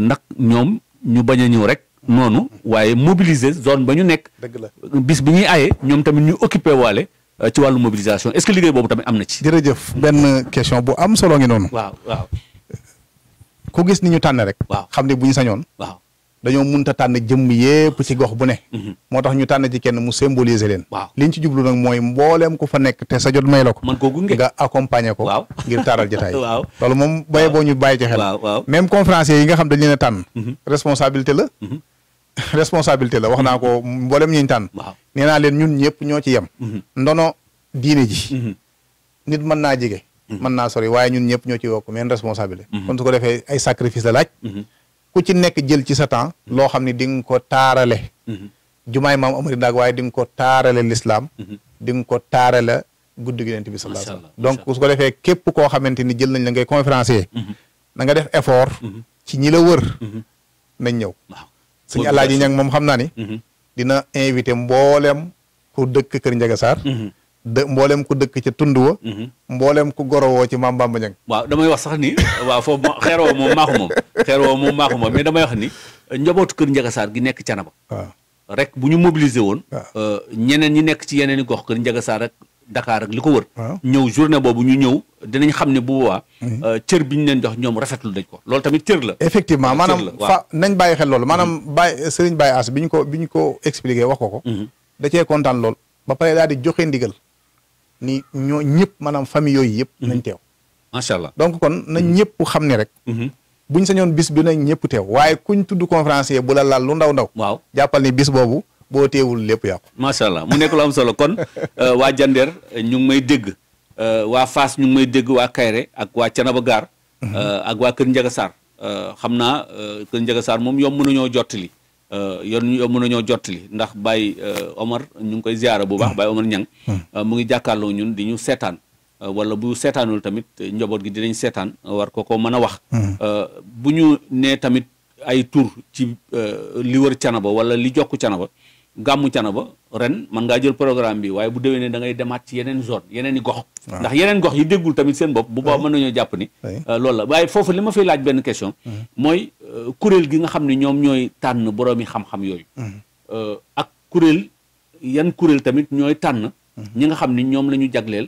ndax ñoom ñu bañ a ñëw rek noonu waaye mobiliser zone ba ñu nekk. dëgg la bis bi ñuy aye ñoom tamit ñu occupé waale euh, ci wàllu mobilisation est-ce que liggéey boobu tamit am na ci. jërëjëf benn question bu am solo ngi noonu. waaw waaw. ku gis ni ñu tànn rek. waaw xam ne bu ñu sañoon. waaw dañoo munta tànn jëm yépp ci gox bu ne. Mhm. moo tax ñu tànn ci kenn mu symboliser leen. waaw li ñu ci jublu nag mooy mbooleem ku fa nekk te sa jot may la ko. man koo gunge nga accompagner ko. waaw ngir taaral jotaay. waaw loolu moom baye boo ñu bàyyi ci xel. waaw même conférenciers yi nga xam dañu leen a tànn. Mhm. responsabilité la. Mhm. responsabilité la wax naa ko mboolem ñuñ tànn nee naa leen ñun ñëpp ñoo ci yem mhm. ndono diine ji mhm. nit mën naa jege mhm. mën naa sori waaye ñun ñëpp ñoo ci wokk meen responsabilité kon su ko defee ay sacrifice la ku ci nekk jël ci sa temps loo xam ne di nga ko taarale jumaay maam amari ndaag waaye di nga ko taarale lislaam di nga ko taarale bi sallallahu alayhi donc su ko defee képp koo xamante ni jël nañ la ngay conférencier na nga def effort ci ñi la wër nañ ñëw suñu alaaji ñang moom xam naa ni mhm. dina invité mboolem ku dëkk kër Njaga Saar mhm. de mboolem ku dëkk ca tund wa mhm. mboolem ku gorowoo ci maam ba Ñang waaw damay wax sax ni waa foofu xeer woo moom maaxu moom xeer woo moom maaxu moom damay wax ni njabootu kër Njaga Saar gi nekk Canaba waaw rek bu ñu mobiliser woon euh, ñeneen ñi nekk ci yeneen i gox kër Njaga Saar rek Dakar ak li ko wër. ñëw journée boobu ñu ñëw dinañ xam ne bu boobaa. Mhm. Euh, cër bi ñu leen jox ñoom rafetlu dañ ko loolu tamit cër la. effectivement maanaam fa nañ bàyyi xel loolu mhm. maanaam Baye euh, Serigne Baye As bi ñu ko bi ñu ko expliqué wax ko ko. Mhm. da kontaan lool ba pare daal di joxe ndigal ni ñoo ñëpp maanaam famille yooyu yëpp. nañ teew macha allah donc kon na ñëpp xam ne rek. buñ sañoon bis bi nañ ñëpp teew waaye kuñ tudd conférencier bu la laal lu ndaw ndaw. waaw jàppal ni bis boobu. boo teewul lépp yàqu. macha allah mu nekk lu am solo kon euh, waa Jandeer euh, ñu ngi may dégg euh, waa faas ñu ngi may dégg waa Kayre ak waa Canaba Gaar. Mhm. ak waa Kër Njaga Sarr xam naa Kër Njaga Sarr moom yomb nañoo jottali yoon yomb jottali ndax Baye Omar ñu ngi koy ziara bu baax mm. Baye Omar Ñang mm. mu ngi jàkkaarloo ñun di ñu seetaan. wala bu seetaanul tamit njaboot gi dinañ seetaan war ko ko mën a wax. Mm. bu ñu nee tamit ay tur ci li wër Canaba wala li jokk Canaba. gàmmu Canaba ren man ngaa jël programme bi waaye bu déwénee da ngay demaat ci yeneen zone yeneen i gox ndax yeneen gox yi déggul tamit seen bopp bu ba mën nañoo jàpp ni euh, loolu la waaye foofu li ma fiy laaj benn question mhm. mooy euh, kuréel gi nga xam ni ñoom ñooy tànn boroomi xam-xam yooyu mhm. euh, ak kuréel yan kuréel tamit ñooy tànn mhm. ñi nga xam ni ñoom la ñu jagleel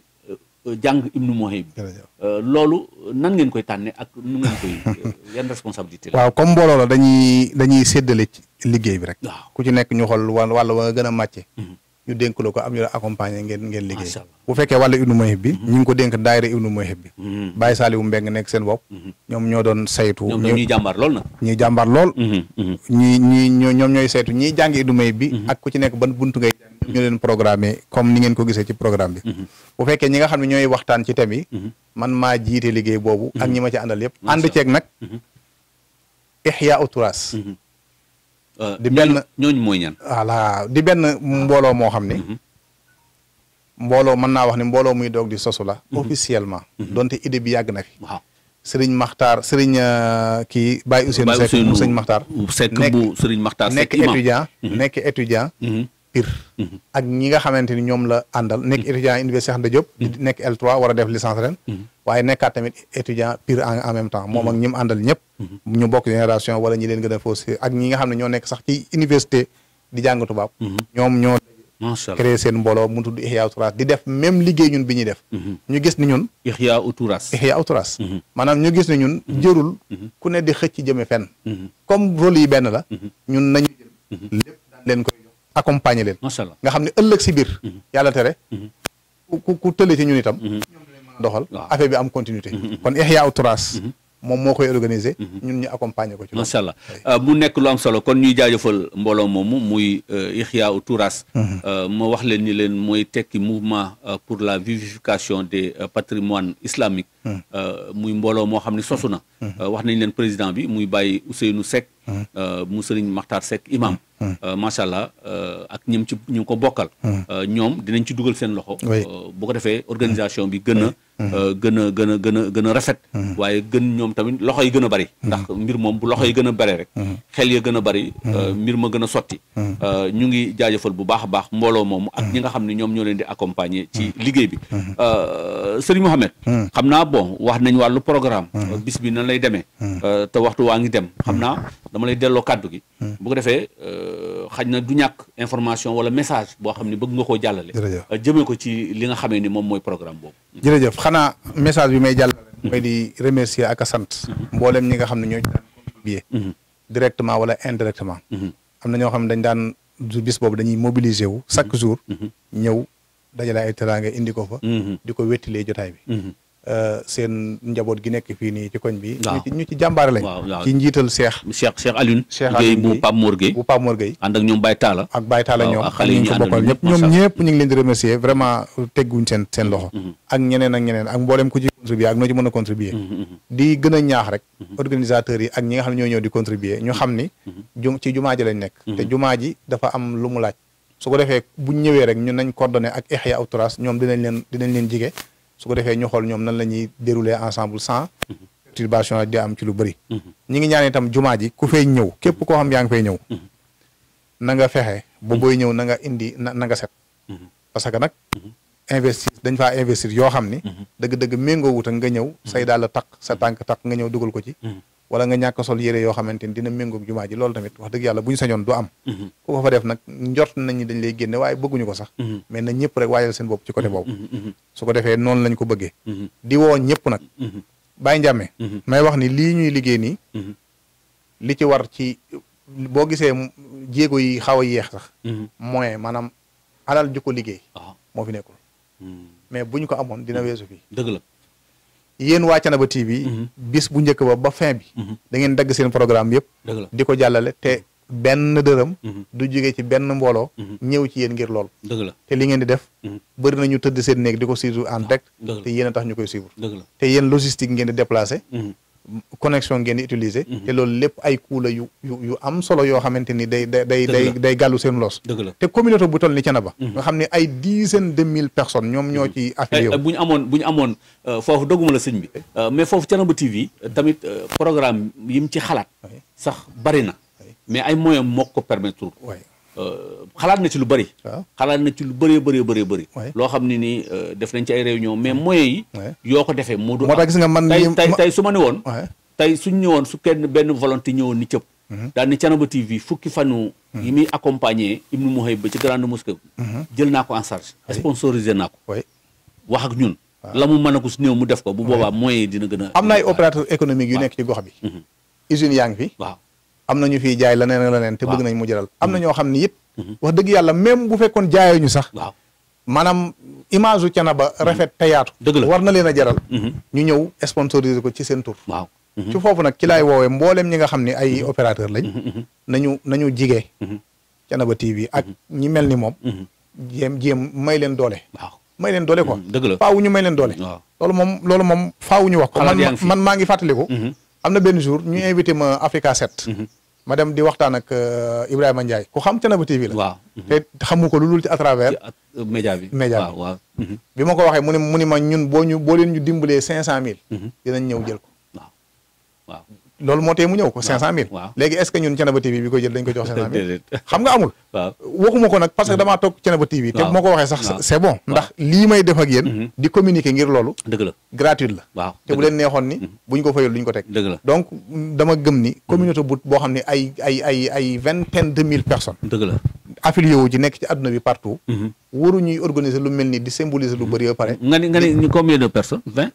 Euh, jàng ibnu mohib euh, loolu nan ngeen koy tànne ak nu ngeen koy euh, yan responsabilité la waaw comme mbooloo dañuy dañuy séddale liggéey bi rek ku ci nekk ñu xool wàll wàll wa nga gën a màcce mhm. ñu dénk la ko am ñu la accompagner ngeen ngeen liggéey bu fekkee wàllu ibnu mohib bi mm-hmm. ñu ngi ko dénk daayira ibnu mohib bi mm-hmm. Baye Saliou Mbeng nekk seen bopp mm-hmm. ñoom ñoo doon saytu ñuy jàmbaar lool na ñuy jàmbaar lool ñi ñi ñoom ñooy saytu ñiy jàng ibnu mohib bi ak ku ci nekk ban buntu ngay ñu leen programme comme ni ngeen ko gisee ci programme bi bu fekkee ñi nga xam ne ñooy waxtaan ci thème man maa jiite liggéey boobu ak ñi ma ci àndal yëpp ànd ceeg nag Ihya Outouras di benn ñooñ mooy ñan. voilà di benn mbooloo moo xam ni. Mm-hmm. mbooloo mën naa wax ni mbooloo muy doog di sosu la. Mm-hmm. officiellement. Mm-hmm. donte idée bi yàgg na fi. waaw Serigne Makhtar Serigne euh, kii Baye Ousseynou Seck mu Serigne Makhtar. Seck bu Serigne Makhtar Seck imam nekk étudiant. nekk étudiant. pire ak ñi nga xamante ni ñoom la àndal nekk étudiant université Anta Diop mm-hmm. di nekk L3 war a def licence ren mm-hmm. waaye nekkaat tamit étudiant pire en même temps moom ak mm-hmm. ñi mu àndal ñëpp ñu bokk génération wala ñi leen gën a faussé ak ñi nga xam ne ñoo nekk sax ci université di jàng tubaab ñoom ñoo créé seen mbooloo mu tudd Ihya Uturas di def même liggéey ñun bi ñu def ñu gis ni ñun Ihya Uturas Ihya Uturas maanaam ñu gis ni ñun jërul ku ne di xëcc jëme fenn comme rôle yi benn la ñun nañu jël accompagner leen. macha nga xam ne ëllëg si biir. Mhm. yàlla tere. Mhm. ku ku tële ci ñun itam. Mhm. ñoom doxal affaire bi am continuité. kon Ihya Outouras. moom moo koy organiser. Mhm. ñun ñu accompagner ko ci macha allah euh, mu nekk lu am solo kon ñuy jaajëfal mbooloo moomu muy euh, Ihya Touras mhm. euh, ma wax leen ni leen mooy tekki mouvement pour la vivification des patrimoines islamiques mhm. muy mbooloo moo xam ne sosu na wax nañ leen président bi muy bàyyi Ousseynou Seck mu sëriñ Maxtaar Seck imam macha allah ak ñim ci ñu ko bokkal ñoom dinañ ci dugal seen loxo bu ko defee organisation bi gën a Euh, gën a gën a gën gën a rafet mhm. waaye gën ñoom tamit loxo yi gën a bari mhm. ndax mbir moom bu loxo yi gën a bari rek mhm. xel ya gën a bari euh, mbir ma gën a sotti euh, ñu ngi jaajëfal bu baax a baax mbooloo moomu ak ñi nga xam ne ñoom ñoo leen di accompagner ci liggéey bi Serigne Mohamed xam naa bon wax nañ wàllu programme bis bi nan lay demee te waxtu waa ngi dem xam naa dama lay delloo kàddu gi bu ko defee xaj na du ñàkk information wala message boo xam ne bëgg nga koo jàllale jëmee ko ci li nga xamee ni moom mooy programme boobu xanaa message bi may jàllale mooy di remercier ak sant mboolem ñi nga xam ne ñoo daan contribuer directement wala indirectement am na ñoo xam ne dañ daan bis boobu dañuy mobiliser wu chaque jour ñëw dajale ay teraanga indi ko fa mhm. di ko wettilee jotaay bi mhm. Euh, seen njaboot gi nekk fii nii ci koñ bi. ñu ci jàmbaar lañ. ci njiital Cheikh. Cheikh Cheikh Alioune. Cheikh Alioune bu Pape Mor Gueye bu Pape Mor Gueye. ànd ak ñoom Baye Talla. ak Baye Talla ñoom ak yi ñu bokkal ñëpp ñoom ñëpp ñu ngi leen di vraiment tegguñ seen seen loxo. Mm-hmm, mm-hmm. ak ñeneen ak ñeneen ak mboolem ku ci contribuer ak noo ci mën a contribuer. Mm-hmm, di gën a ñaax rek. organisateurs yi ak ñi nga xam ne ñoo ñëw di contribuer ñu xam ni. ju ci jumaa ji lañ nekk. te jumaa ji dafa am lu mu laaj. su ko defee bu ñëwee rek ñun nañ coordonné ak Ihya Outras ñoom dinañ leen dinañ leen jige su ko defee ñu xool ñoom nan la ñuy dérouler ensemble sans perturbation di am ci lu bëri ñi ngi ñaan itam jumaa ji ku fay ñëw képp koo xam yaa ngi fay ñëw na nga fexe ba booy ñëw na nga indi na na nga set parce que nag investir dañ faa investir yoo xam ni mhm. dëgg-dëgg méngoo wut ak nga ñëw say daal la takk sa tànk takk nga ñëw dugal ko ci wala nga ñàkk sol yére yoo xamante ni dina méngoog jumaa ji loolu tamit wax dëgg yàlla bu ñu sañoon du am mhm. ku ko fa def nag njort nañ ni dañ lay génne waaye bëgguñu ko sax mhm. mais na ñëpp rek waajal seen bopp ci côté mhm. boobu ko defee noonu lañ ko bëggee di woo ñëpp nag bàyyi njàmme may wax ni lii ñuy liggéey nii li ci war ci boo gisee jéego yi xaw a yeex sax moyen maanaam alal ju liggéey ah. moo fi nekkul hmm. mais buñ ko amoon dina hmm. weesu fii dëgg la yéen waa Thiénaba TV. Mhm. bis bu njëkk ba ba fin bi. Mhm. da ngeen dagg seen programme yëpp. di ko jàllale te mhm. benn dërëm. du jóge ci benn mbooloo. ñëw ci yéen ngir lool. dëgg te li ngeen di def. bëri na ñu tëdd seen néeg di ko suivre en ah, direct. te yéen a tax ñu koy suivre. te yéen logistique ngeen di déplacé. connexion ngeen di mhm. te loolu lépp ay coût la yu yu yu am solo yoo xamante ni day day day day day gàllu seen los. dëgg la te communauté bu toll ni Thiénaba. Mhm. nga xam ne ay dizaine de mille personnes ñoom ñoo mhm. ci affilié eh, eh, wu. ñu amoon bu ñu amoon euh, foofu doguma la sëñ bi eh. euh, mais foofu Thiénaba TV tamit euh, programme yi mu ci xalaat. sax bari na mais ay moyens moo ko permettre. Euh, xalaat na ci lu bëri. xalaat na ci lu bëree bëree bari bëri. loo xam ne nii euh, def nañ ci ay réunion mais moyens yi. yoo ko defee moo du. moo tax gis nga man nii tey tey su ma ne woon. tey suñ ñëwoon su kenn benn volonté ñëwoon ni cëpp. Mm-hmm. daal ni Thiénaba TV fukki fanu. Mm-hmm. yi muy accompagner Ibnu Mouhayib ba ci grande mosquée. Mm-hmm. jël naa ko en charge. sponsorisé naa ko. wax ak ñun. la mu mën a ko su néew mu def ko. bu boobaa moyens dina gën a. am na ay opérateur économique yu nekk ci gox bi. usine yaa ngi waaw. am na ñu fiy jaay la leneen leneen te bëgg nañ mu jaral mm-hmm. am na ñoo xam ni it mm-hmm. wax dëgg yàlla même bu fekkoon jaayoo ñu sax waaw maanaam image u Thiénaba mm-hmm. rafet te dëgg la war na leen a jaral ñu ñëw sponsoriser ko ci seen tur waaw ci foofu nag ci laay woowee mbooleem ñi nga xam ne ay opérateur lañ nañu nañu jigee Thiénaba TV ak ñi mel ni moom jéem jéem may leen doole waaw may leen doole quoi dëgg la faaw ñu may leen doole loolu moom loolu ñu wax ko man maa ngi fàttaliku am na benn jour ñu invité ma Africa 7. Mhm. ma dem di waxtaan ak euh, Ibrahima Ndiaye ku xam Thiénaba TV la. waaw mhm. te xamu ko lu dul ci à travers. Euh, média bi média bi mhm. bi ma ko waxee mu ne mu ne ma ñun boo ñu boo leen ñu dimbalee cinq cent mille. dinañ ñëw jël ko loolu moo tee mu ñëw ko 500000. waaw léegi est ce que ñun Thiénaba TV bi koy jël dañ ko jox 500000. xam nga amul. waxuma ko nag parce que mm-hmm. damaa toog Thiénaba TV. waaw te moo ko waxee sax c' bon. ndax lii may def ak mm-hmm. di communiquer ngir loolu. dëgg la gratuite la. waaw te bu leen neexoon ni. Mm-hmm. buñ ko fayal duñ ko teg. dëgg la donc dama gëm ni. communauté bu boo xam ne ay ay ay ay vingtaine de mille personnes. dëgg la. affilié wu ji nekk ci àdduna bi partout. waruñuy organiser lu mel ni di symboliser lu bëri ba pare. nga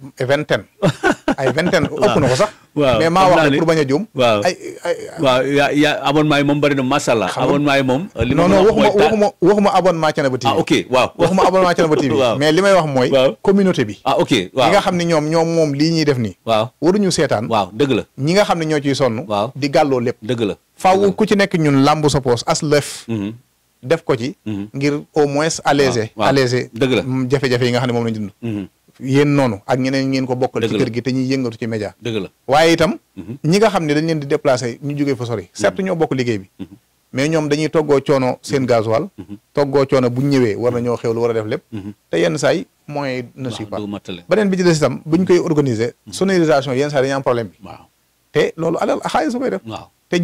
vingtaine ay vingtaine ëpp na ko sax waaw mais ma wax pour bañ a juum waaw ay ay waaw yaa yaa moom bari na macha allah abonnement yi moom li wax non waxuma waxuma waxuma abonnement Thiénaba TV ah ok waaw waxuma abonnement Thiénaba TV mais li may wax mooy communauté bi ah ok waaw ñi nga xam ne ñoom ñoom moom lii ñuy def nii waaw waruñu seetaan waaw dëgg la ñi nga xam ne ñoo ciy sonn waaw di gàlloo lépp dëgg la faaw ku ci nekk ñun làmbu sa poos as lëf mhm. def ko ci mhm. ngir au moins alléger alléger dëgg la jafe-jafe yi nga xam ne moom lañ dund mhm. yéen noonu ak ñeneen ngeen ko bokkal ci kër gi te ñuy yëngatu ci média dëgg la waaye itam mhm. ñi nga xam ne dañ leen di déplacé ñu jógee fa sori certes mhm. ñoo bokk liggéey bi mhm. mais ñoom dañuy toggoo coono seen gasoil toggoo coono buñ ñëwee war na ñoo xewlu war a def lépp te yenn saay moyens ne suivent pas beneen bi ci des itam buñ koy organiser sonorisation yenn saay dañu am problème bi waaw te loolu alal xaalis su koy def.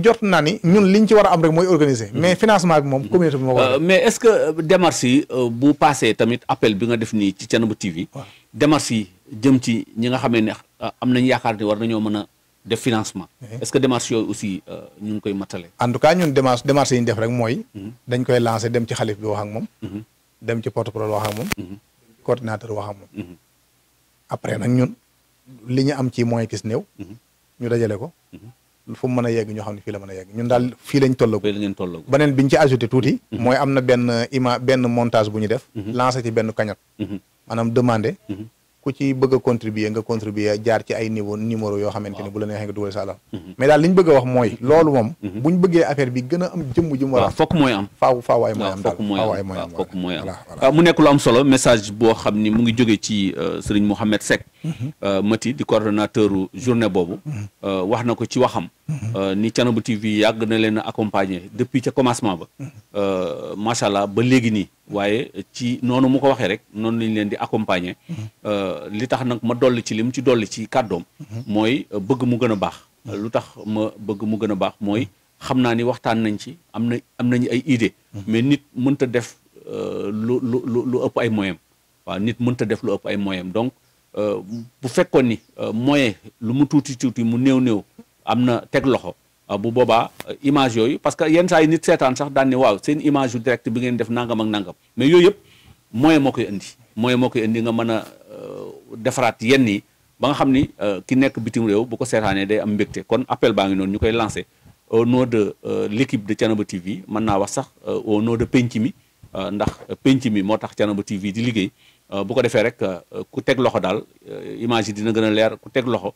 jot naa ni ñun liñ ci war a am rek mooy organiser. Mm-hmm. mais financement bi moom mm-hmm. communauté bi moo ko euh, mais est-ce que euh, démarche yi euh, bu passé tamit appel bi nga def nii ci Thiénaba TV. waaw démarche yi jëm ci ñi nga xamee ne am nañ yaakaar ne war nañoo mën a def financement. Mm-hmm. est-ce que démarche yooyu aussi ñu ngi koy matale. en tout cas ñun démarche démarche yi ñu def rek mooy. dañ koy lancé dem ci xalif bi wax ak moom. dem ci porte-parole wax ak moom. coordinateur wax ak moom. après nag ñun li ñu am ci moyen kis néew. ñu dajale ko mm-hmm. fu mu mën a yegg ñoo xam ne fii la mën a yegg ñun daal fii lañ tollagu beneen biñ ci ajouté tuuti mm-hmm. mooy am na benn ima benn montage bu ñu def mm-hmm. lancé ci benn cagnotte maanaam demandé ko ci bëgg a contribuer nga contribuer jaar ci ay niveau numéro yoo xamante ni bu la neexee nga dugal sa mhm. mais daal li ñu a wax mooy mhm. loolu moom mhm. bu ñu bëggee affaire bi gën am jëmm ji mu war a fokk mooy am faaw faaw ay mooy am ah, mu nekk lu am solo message boo xam ni mu ngi jógee ci euh, sëriñ Mouhamed Seck euh, Mati di coordonnateur journée boobu euh, wax na ko ci waxam ni Thiénaba TV yàgg na leen a accompagner depuis ca commencement ba macha ba léegi nii waaye ci noonu mu ko waxee rek noonu lañ leen di accompagner mm-hmm. euh, li tax nag ma dolli ci li mu ci dolli ci kàddoom mm-hmm. mooy euh, bëgg mu gën a baax mm-hmm. euh, lu tax ma bëgg mu gën a baax mooy xam naa ni waxtaan nañ ci am na am nañu ay idée mais nit mënta def lu lu ëpp ay moyen waaw nit mënta def lu ëpp ay moyen donc bu fekkoon ni moyen lu mu tuuti tuuti mu néew néew am na teg loxo Euh, bu boobaa euh, image yooyu parce que yenn saa yi nit seetaan sax daan ne waaw seen image yu direct bi ngeen def nangam ak nangam mais yooyu yëpp moyen moo koy indi moyen moo koy indi nga mën a euh, defaraat yenn yi ba nga xam ni ki nekk bitim réew bu ko seetaanee day am mbégte kon appel baa ngi noonu ñu koy lancé au nom de l'équipe de Thiénaba TV mën naa wax sax au nom de penc mi ndax penc mi moo tax Thiénaba TV di liggéey bu ko defee rek ku teg loxo daal image yi dina gën a leer ku teg loxo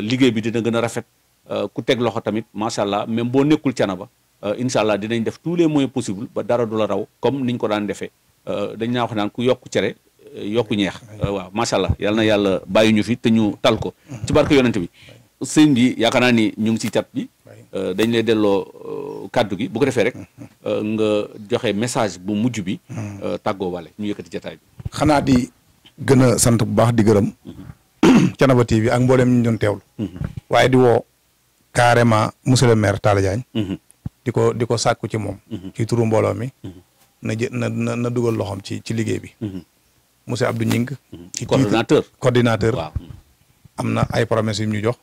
liggéey bi dina gën a rafet Euh, ku teg loxo tamit macha allah même boo nekkul canaba euh, incha allah dinañ def tous les moyens possibles ba dara du la raw comme niñ ko daan defee euh, dañ naa wax naan ku yokk cere yokku ñeex waaw macha allah yal na yàlla bàyyi ñu fi te ñu tal ko mhm. ci barke yonent bi sëñ bi yaakaar naa ni ñu ngi ci cat bi dañ lay delloo kàddu gi bu ko defee rek mhm. nga joxe message bu mujj bi mhm. tàggoo wale ñu yëkkati jataay bi xanaa di gën a sant bu baax di gërëm Thiénaba TV ak mboolem ñu doon teewlu carrément monsieur le maire Talla Diagne mhm. di ko di ko sàkku ci moom mhm. ci turu mbooloo mi mhm. na na na na dugal loxoom ci ci liggéey bi monsieur Abdou Ñing ci coordinateur coordinateur waaw am na ay promesses yu ñu jox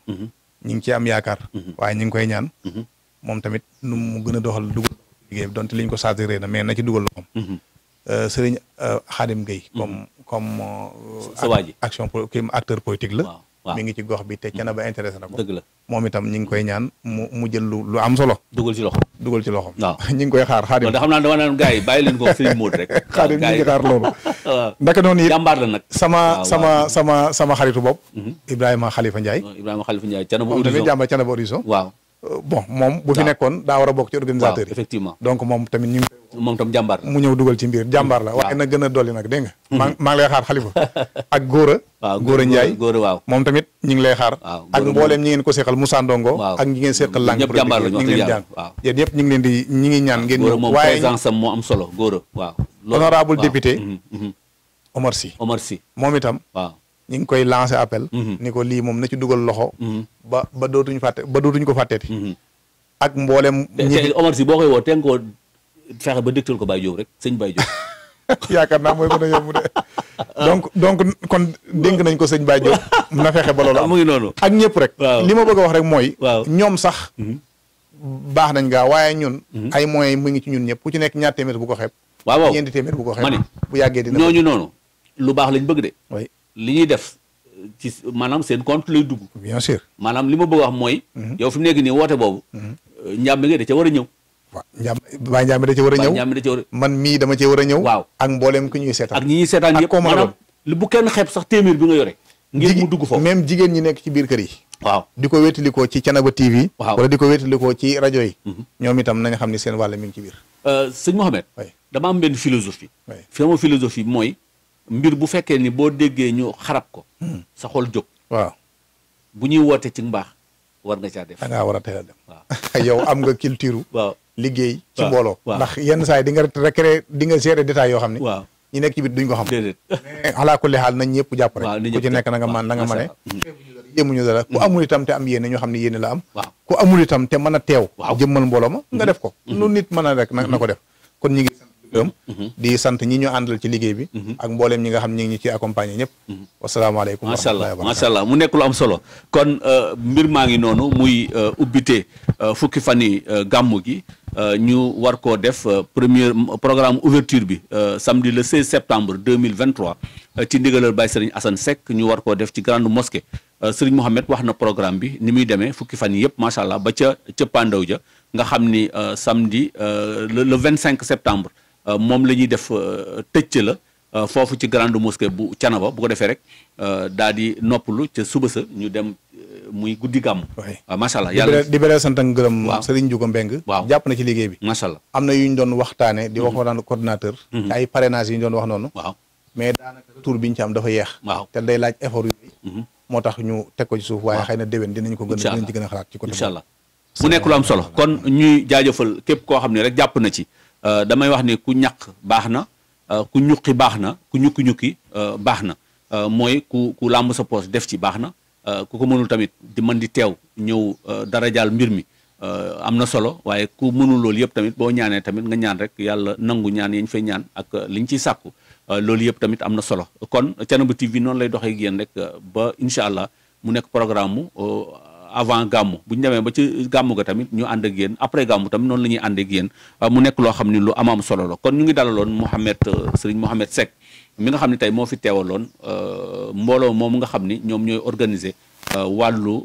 ñu ngi ci am yaakaar waaye ñu ngi koy ñaan moom tamit nu mu gën a doxal dugal liggéey bi donte liñ ko saturé na mais na ci dugal loxoom euh, sëriñ Xaadim euh, Gueye comme comme euh, action acteur politique la mi ngi ci gox bi te cana ba mm-hmm. intéressé na la moom itam ñi ngi koy ñaan mu mu jël lu lu am solo dugal ci loxo dugal ci loxo waaw ñi ngi koy xaar xaadim da naa dama naan bàyyi leen ko Sëriñ Modou rek xaadim ñi ngi xaar loolu ndaka noonu it nag sama sama sama sama xaritu bopp mm-hmm. Ibrahima xalifa Ndiaye Ibrahima Khalifa Ndiaye cana ba moom tamit jàmbaar cana horizon bon moom bu fi nekkoon daa war a bokk ci organisateurs yi effectivement donc moom tamit ñu ngi moom tam jàmbaar mu ñëw dugal ci mbir jàmbaar la na gën a dolli nag dégg nga mhm. maa lay xaar xalifa ak góora waaw góora Ndiaye moom tamit ñu ngi lay xaar ak mbooleem ñi ngeen ko seqal Moussa Ndongo ak ñi ngeen seqal lang ñëpp jàmbaar la ñu ngi leen jaan waaw yéen yëpp ñu ngi di ñi ngi ñaan ngeen ñëw waaye présence am moo am solo góora waaw honorable député mhm, mhm. Omar Sy Omar Sy moom itam ñu ngi koy lancer appel. Mhm. ni ko lii moom na ci dugal loxo. Mhm. ba ba dootuñu fàtte ba dootuñu ko fàtteeti. Mhm. ak mboolem. ñi Omar si boo koy woo tenkoo ko fexe ba dégtal ko Baye Diop rek sëñ bay Diop. yaakaar naa mooy mën a yomb de donc donc kon dénk nañ ko sëñ Baye Diop na fexe ba loolu am mu ngi ak ñëpp rek li ma bëgg wax rek mooy ñoom sax baax nañ gaa waaye ñun ay moyens mu ngi ci ñun ñëpp ku ci nekk ñaar téeméer bu ko xeeb waaw waaw ñeenti téeméer bu ko xeeb ma ne bu yàggee dina ñooñu noonu lu baax lañ bëgg de li ñuy def euh, ci maanaam seen compte lay dugg. bien sûr maanaam li ma bëgg wax mooy. Mhm. yow fi mu nekk nii woote boobu. Mhm. Euh, njàmb nga da ca war a ñëw. waaw njàmb baa njàmb da ca war a ñëw da ca man mii dama cee war a ñëw. waaw ak mboolem ku ñuy seetaan. ak ñi ñuy seetaan yëpp maanaam li bu kenn xeeb sax téeméer bi nga yore. ngir mu dugg foofu même jigéen ñi nekk ci biir kër yi. waaw di ko wétalikoo ci Thiénaba TV. waaw wala di ko wétalikoo ci rajo yi. Mhm. ñoom itam na nga xam ne seen walla mi ngi ci biir. Euh, sëñ Mouhamed. dama am benn philosophie. sama philosophie mooy mbir bu fekkee ni boo déggee ñu xarab ko. Hmm. sa xol jóg. waaw bu ñuy wootee ci mbaax war nga caa def. da ngaa war a teel a dem. waaw yow am nga culture. waaw liggéey. ci mbooloo. ndax yenn saa dinga di nga recréer di nga gérer détail yoo xam ne. waaw ñi nekk ci biir duñ ko xam. déedéet mais ala kulli xaal nañ ñëpp jàpp rek. ku ci nekk na nga man na nga mane. yéemuñu dara ku hmm. amul itam te am yéene ñoo xam ne yéene la am. waaw ku amul itam te mën a teew. jëmmal mbooloo ma nga hmm. def ko. nu nit mën a rek na ko def kon ñi ngi gërëm mhm. di sant ñi ñu àndal ci liggéey bi mhm. ak mbooleem ñi nga xam ñi ngi ñu ci accompagner ñëpp mhm. wasalaamaaleykum macha allah macha mu nekk lu am solo kon euh, mbir maa ngi noonu muy euh, ubbite euh, fukki fan yi gàmmu gi ñu war koo def premier programme ouverture bi samedi le 16 septembre 2023 ci ndigalal Baye seriñ Assane Seck ñu war koo def ci grande mosquée seriñ Mohamed wax na programme bi ni muy deme fukki fan yëpp macha allah ba ca ca Pandaw ja nga xam ni samedi le le 25 septembre. Euh, moom la ñuy def euh, tëj la euh, foofu ci grande mosquée bu Canaba bu ko defee rek daal di lu ca suba sa ñu dem muy guddi gàmm. waaw allah yàlla di bëree sant ak gërëm. waaw Serigne Ndiouga Mbengue. waaw jàpp na ci liggéey bi. macha am na yu ñu doon waxtaanee. di wax mhm. waxtaan coordinateur. ci mhm. ay parrainage yu ñu doon wax noonu. waaw mais daanaka retour bi ñu ci am dafa yeex. waaw te day laaj effort yooyu. Mhm. moo tax ñu teg ko suuf waaye xëy na déwén dinañ ko gën a dinañ ci gën a xalaat ci côté. incha allah mu nekk lu solo kon ñuy jaajëfal képp koo xam ne rek jàpp na ci Euh, damay wax ne ku ñaq baax na euh, ku ñuqi baax na ku ñukki-ñukki euh, baax na mooy ku ku làmb sa poos def ci baax na ku ko mënul tamit di man di teew ñëw dara jaal mbir mi am na solo waaye ku mënul loolu yëpp tamit boo ñaanee tamit nga ñaan rek yàlla nangu ñaan yañ fay ñaan ak liñ ciy sàkku loolu yëpp tamit am na solo kon Thiénaba TV noonu lay doxe ak rek ba incha allah mu nekk programme avant gàmmu bu ñu demee ba ci gàmmu ga tamit ñu ànd ak yéen après gàmmu tamit noonu la ñuy ànd ak euh, mu nekk loo xam ni lu am am solo la kon ñu ngi dalaloon Mouhamed euh, Serigne Mouhamed Seck mi nga xam ne tey moo fi teewaloon euh, mbooloo moomu nga xam ni ñoom ñooy organiser wàllu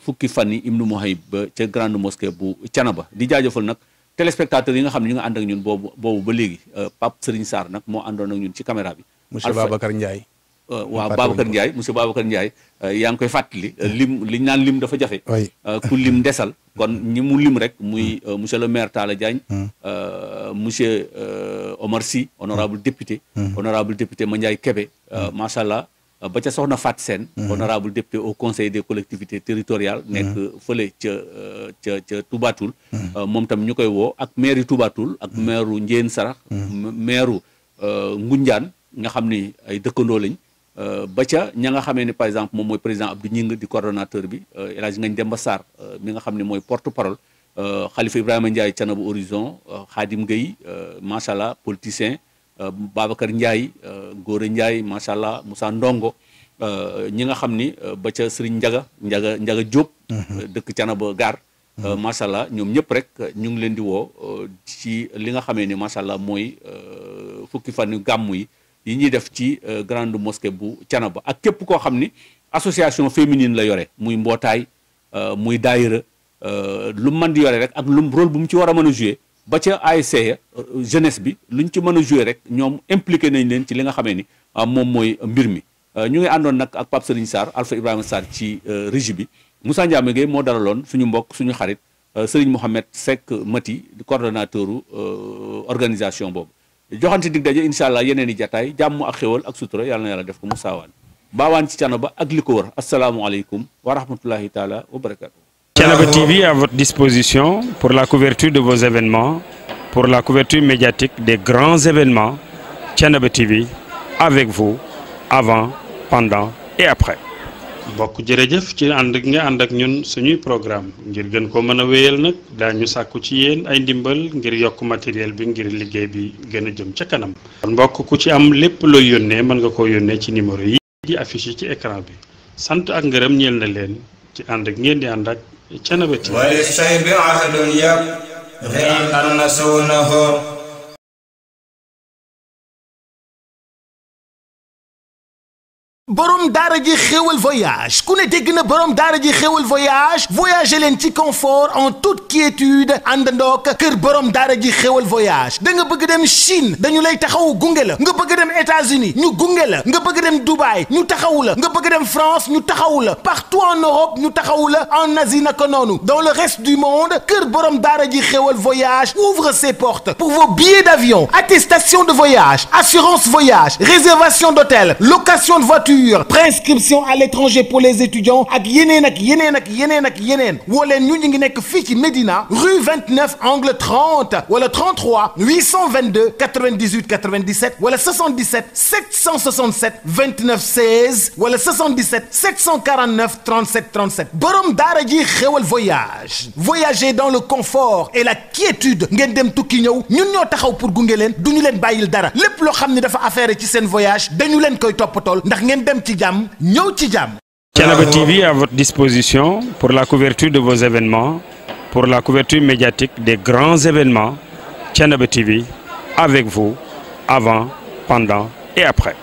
fukki fan yi Ibnu Mouhayib ba ca grande mosquée bu ba di jaajëfal nag téléspectateurs yi nga xam ne ñu ngi ànd ak ñun boobu boobu ba léegi Pape Serigne Sarr nag moo àndoon ak ñun ci caméra bi. monsieur Babacar Ndiaye Euh, waaw Babacar Ndiaye monsieur Babacar Ndiaye euh, yaa ngi koy fàttali euh, lim liñ naan lim dafa jafe ku lim desal kon ñi mu lim rek muy mm. monsieur le maire Talla Diagne mm. monsieur Omar Sy honorable mm. député honorable député Mandiaye Kébé macha allah ba ca soxna Fat seen honorable député au conseil des collectivités territoriales nekk fële ca ca ca moom tam ñu koy woo ak maire yi ak maire u Ndiéyène Sarax maire u Ngoundiane nga xam ni ay dëkkandoo lañ Euh, ba ca ña nga xamee ni par exemple moom mooy président Abdou Gningue di coordonnateur bi euh, El Hadj Ngagne Demba Sarr euh, mi nga xam ne mooy porte parole xalifa Ibrahima Ndiaye Thiénaba Horizon Khadim Gueye macha allah politicien Babacar Ndiaye góor Ndiaye macha allah Moussa Ndongo ñi nga xam ni ba ca Serigne Ndiaga Ndiaga Ndiaga Diop. Mhm. dëkk Thiénaba Gare. Mhm. macha allah ñoom ñëpp rek ñu ngi leen di woo ci li nga xamee ni macha allah mooy fukki fan yu gàmm yi. yi ñuy def ci euh, grande mosquée bu cana ba ak képp koo xam ni association féminine la yore muy mbootaay euh, muy daayira euh, lu mu di yore rek ak lu rôle bu mu ci war a mën jouer ba ca ASC jeunesse bi lu ñu ci mën a jouer rek ñoom impliqué nañ leen ci li nga xamee ni moom mooy mbir mi ñu ngi àndoon nag ak Pape Serigne Sarr Alpha Ibrahima Sarr ci régie bi Moussa Ndiame Gueye moo daraloon suñu mbokk suñu xarit Serigne Mohamed Seck Mati coordonnateur organisation boobu joxante dig daje incha allah yeneen i jataay jàmm a xéwal ak sutura yàlla na yàlla def ko mu saawaan baawaan ci Thiénaba ak li ko wër asalaamualeykum wa rahmatullahi taala wa barakatu Thiénaba TV à votre disposition pour la couverture de vos événements pour la couverture médiatique des grands événements Thiénaba TV avec vous avant pendant et après bokk jërëjëf ci ànd ak nga ànd ak ñun suñuy programme ngir gën ko mën a wéyal nag daañu sàkku ci yéen ay ndimbal ngir yokk matériel bi ngir liggéey bi gën jëm ca kanam kon mbokk ku ci am lépp looy yónnee mën nga ko yónnee ci numéro yi di afici ci écran bi sant ak ngërëm ñeel na leen ci ànd ak ngeen di ànd ak Thiénaba TV borom daara ji xéewal voyage ku ne dégg na borom daara ji xéewal voyage voyager leen ci confort en toute quiétude àndandook kër borom daara ji xéewal voyage da nga bëgg dem Chine dañu lay taxawu gunge la nga bëgg dem États-Unis ñu gunge la nga bëgg dem Dubaï ñu taxawu la nga bëgg dem France ñu taxawu la partout en Europe ñu taxawula en Asie naka noonu dans le reste du monde kër borom daara ji xéewal voyage ouvre ses portes pour vos billets d'avion attestation de voyage assurance voyage réservation de voiture candidature préinscription à l'étranger pour les étudiants ak yeneen ak yeneen ak yeneen ak yeneen woo leen ñu ñu ngi nekk fii ci Médina rue 29 angle 30 wala 33 822 98 97 wala 77 767 29 16 wala 77 749 37 37 borom daara ji xéwal voyage voyager dans le confort et la quiétude ngeen dem tukki ñëw ñun ñoo taxaw pour gunge leen du ñu leen bàyyil dara lépp loo xam ni dafa affaire ci seen voyage dañu leen koy toppatool ndax ngeen dem ci jàmm ñëw ci jàmm. Thiénaba TV à votre disposition pour la couverture de vos événements pour la couverture médiatique des grands événements Thiénaba TV avec vous avant pendant et après.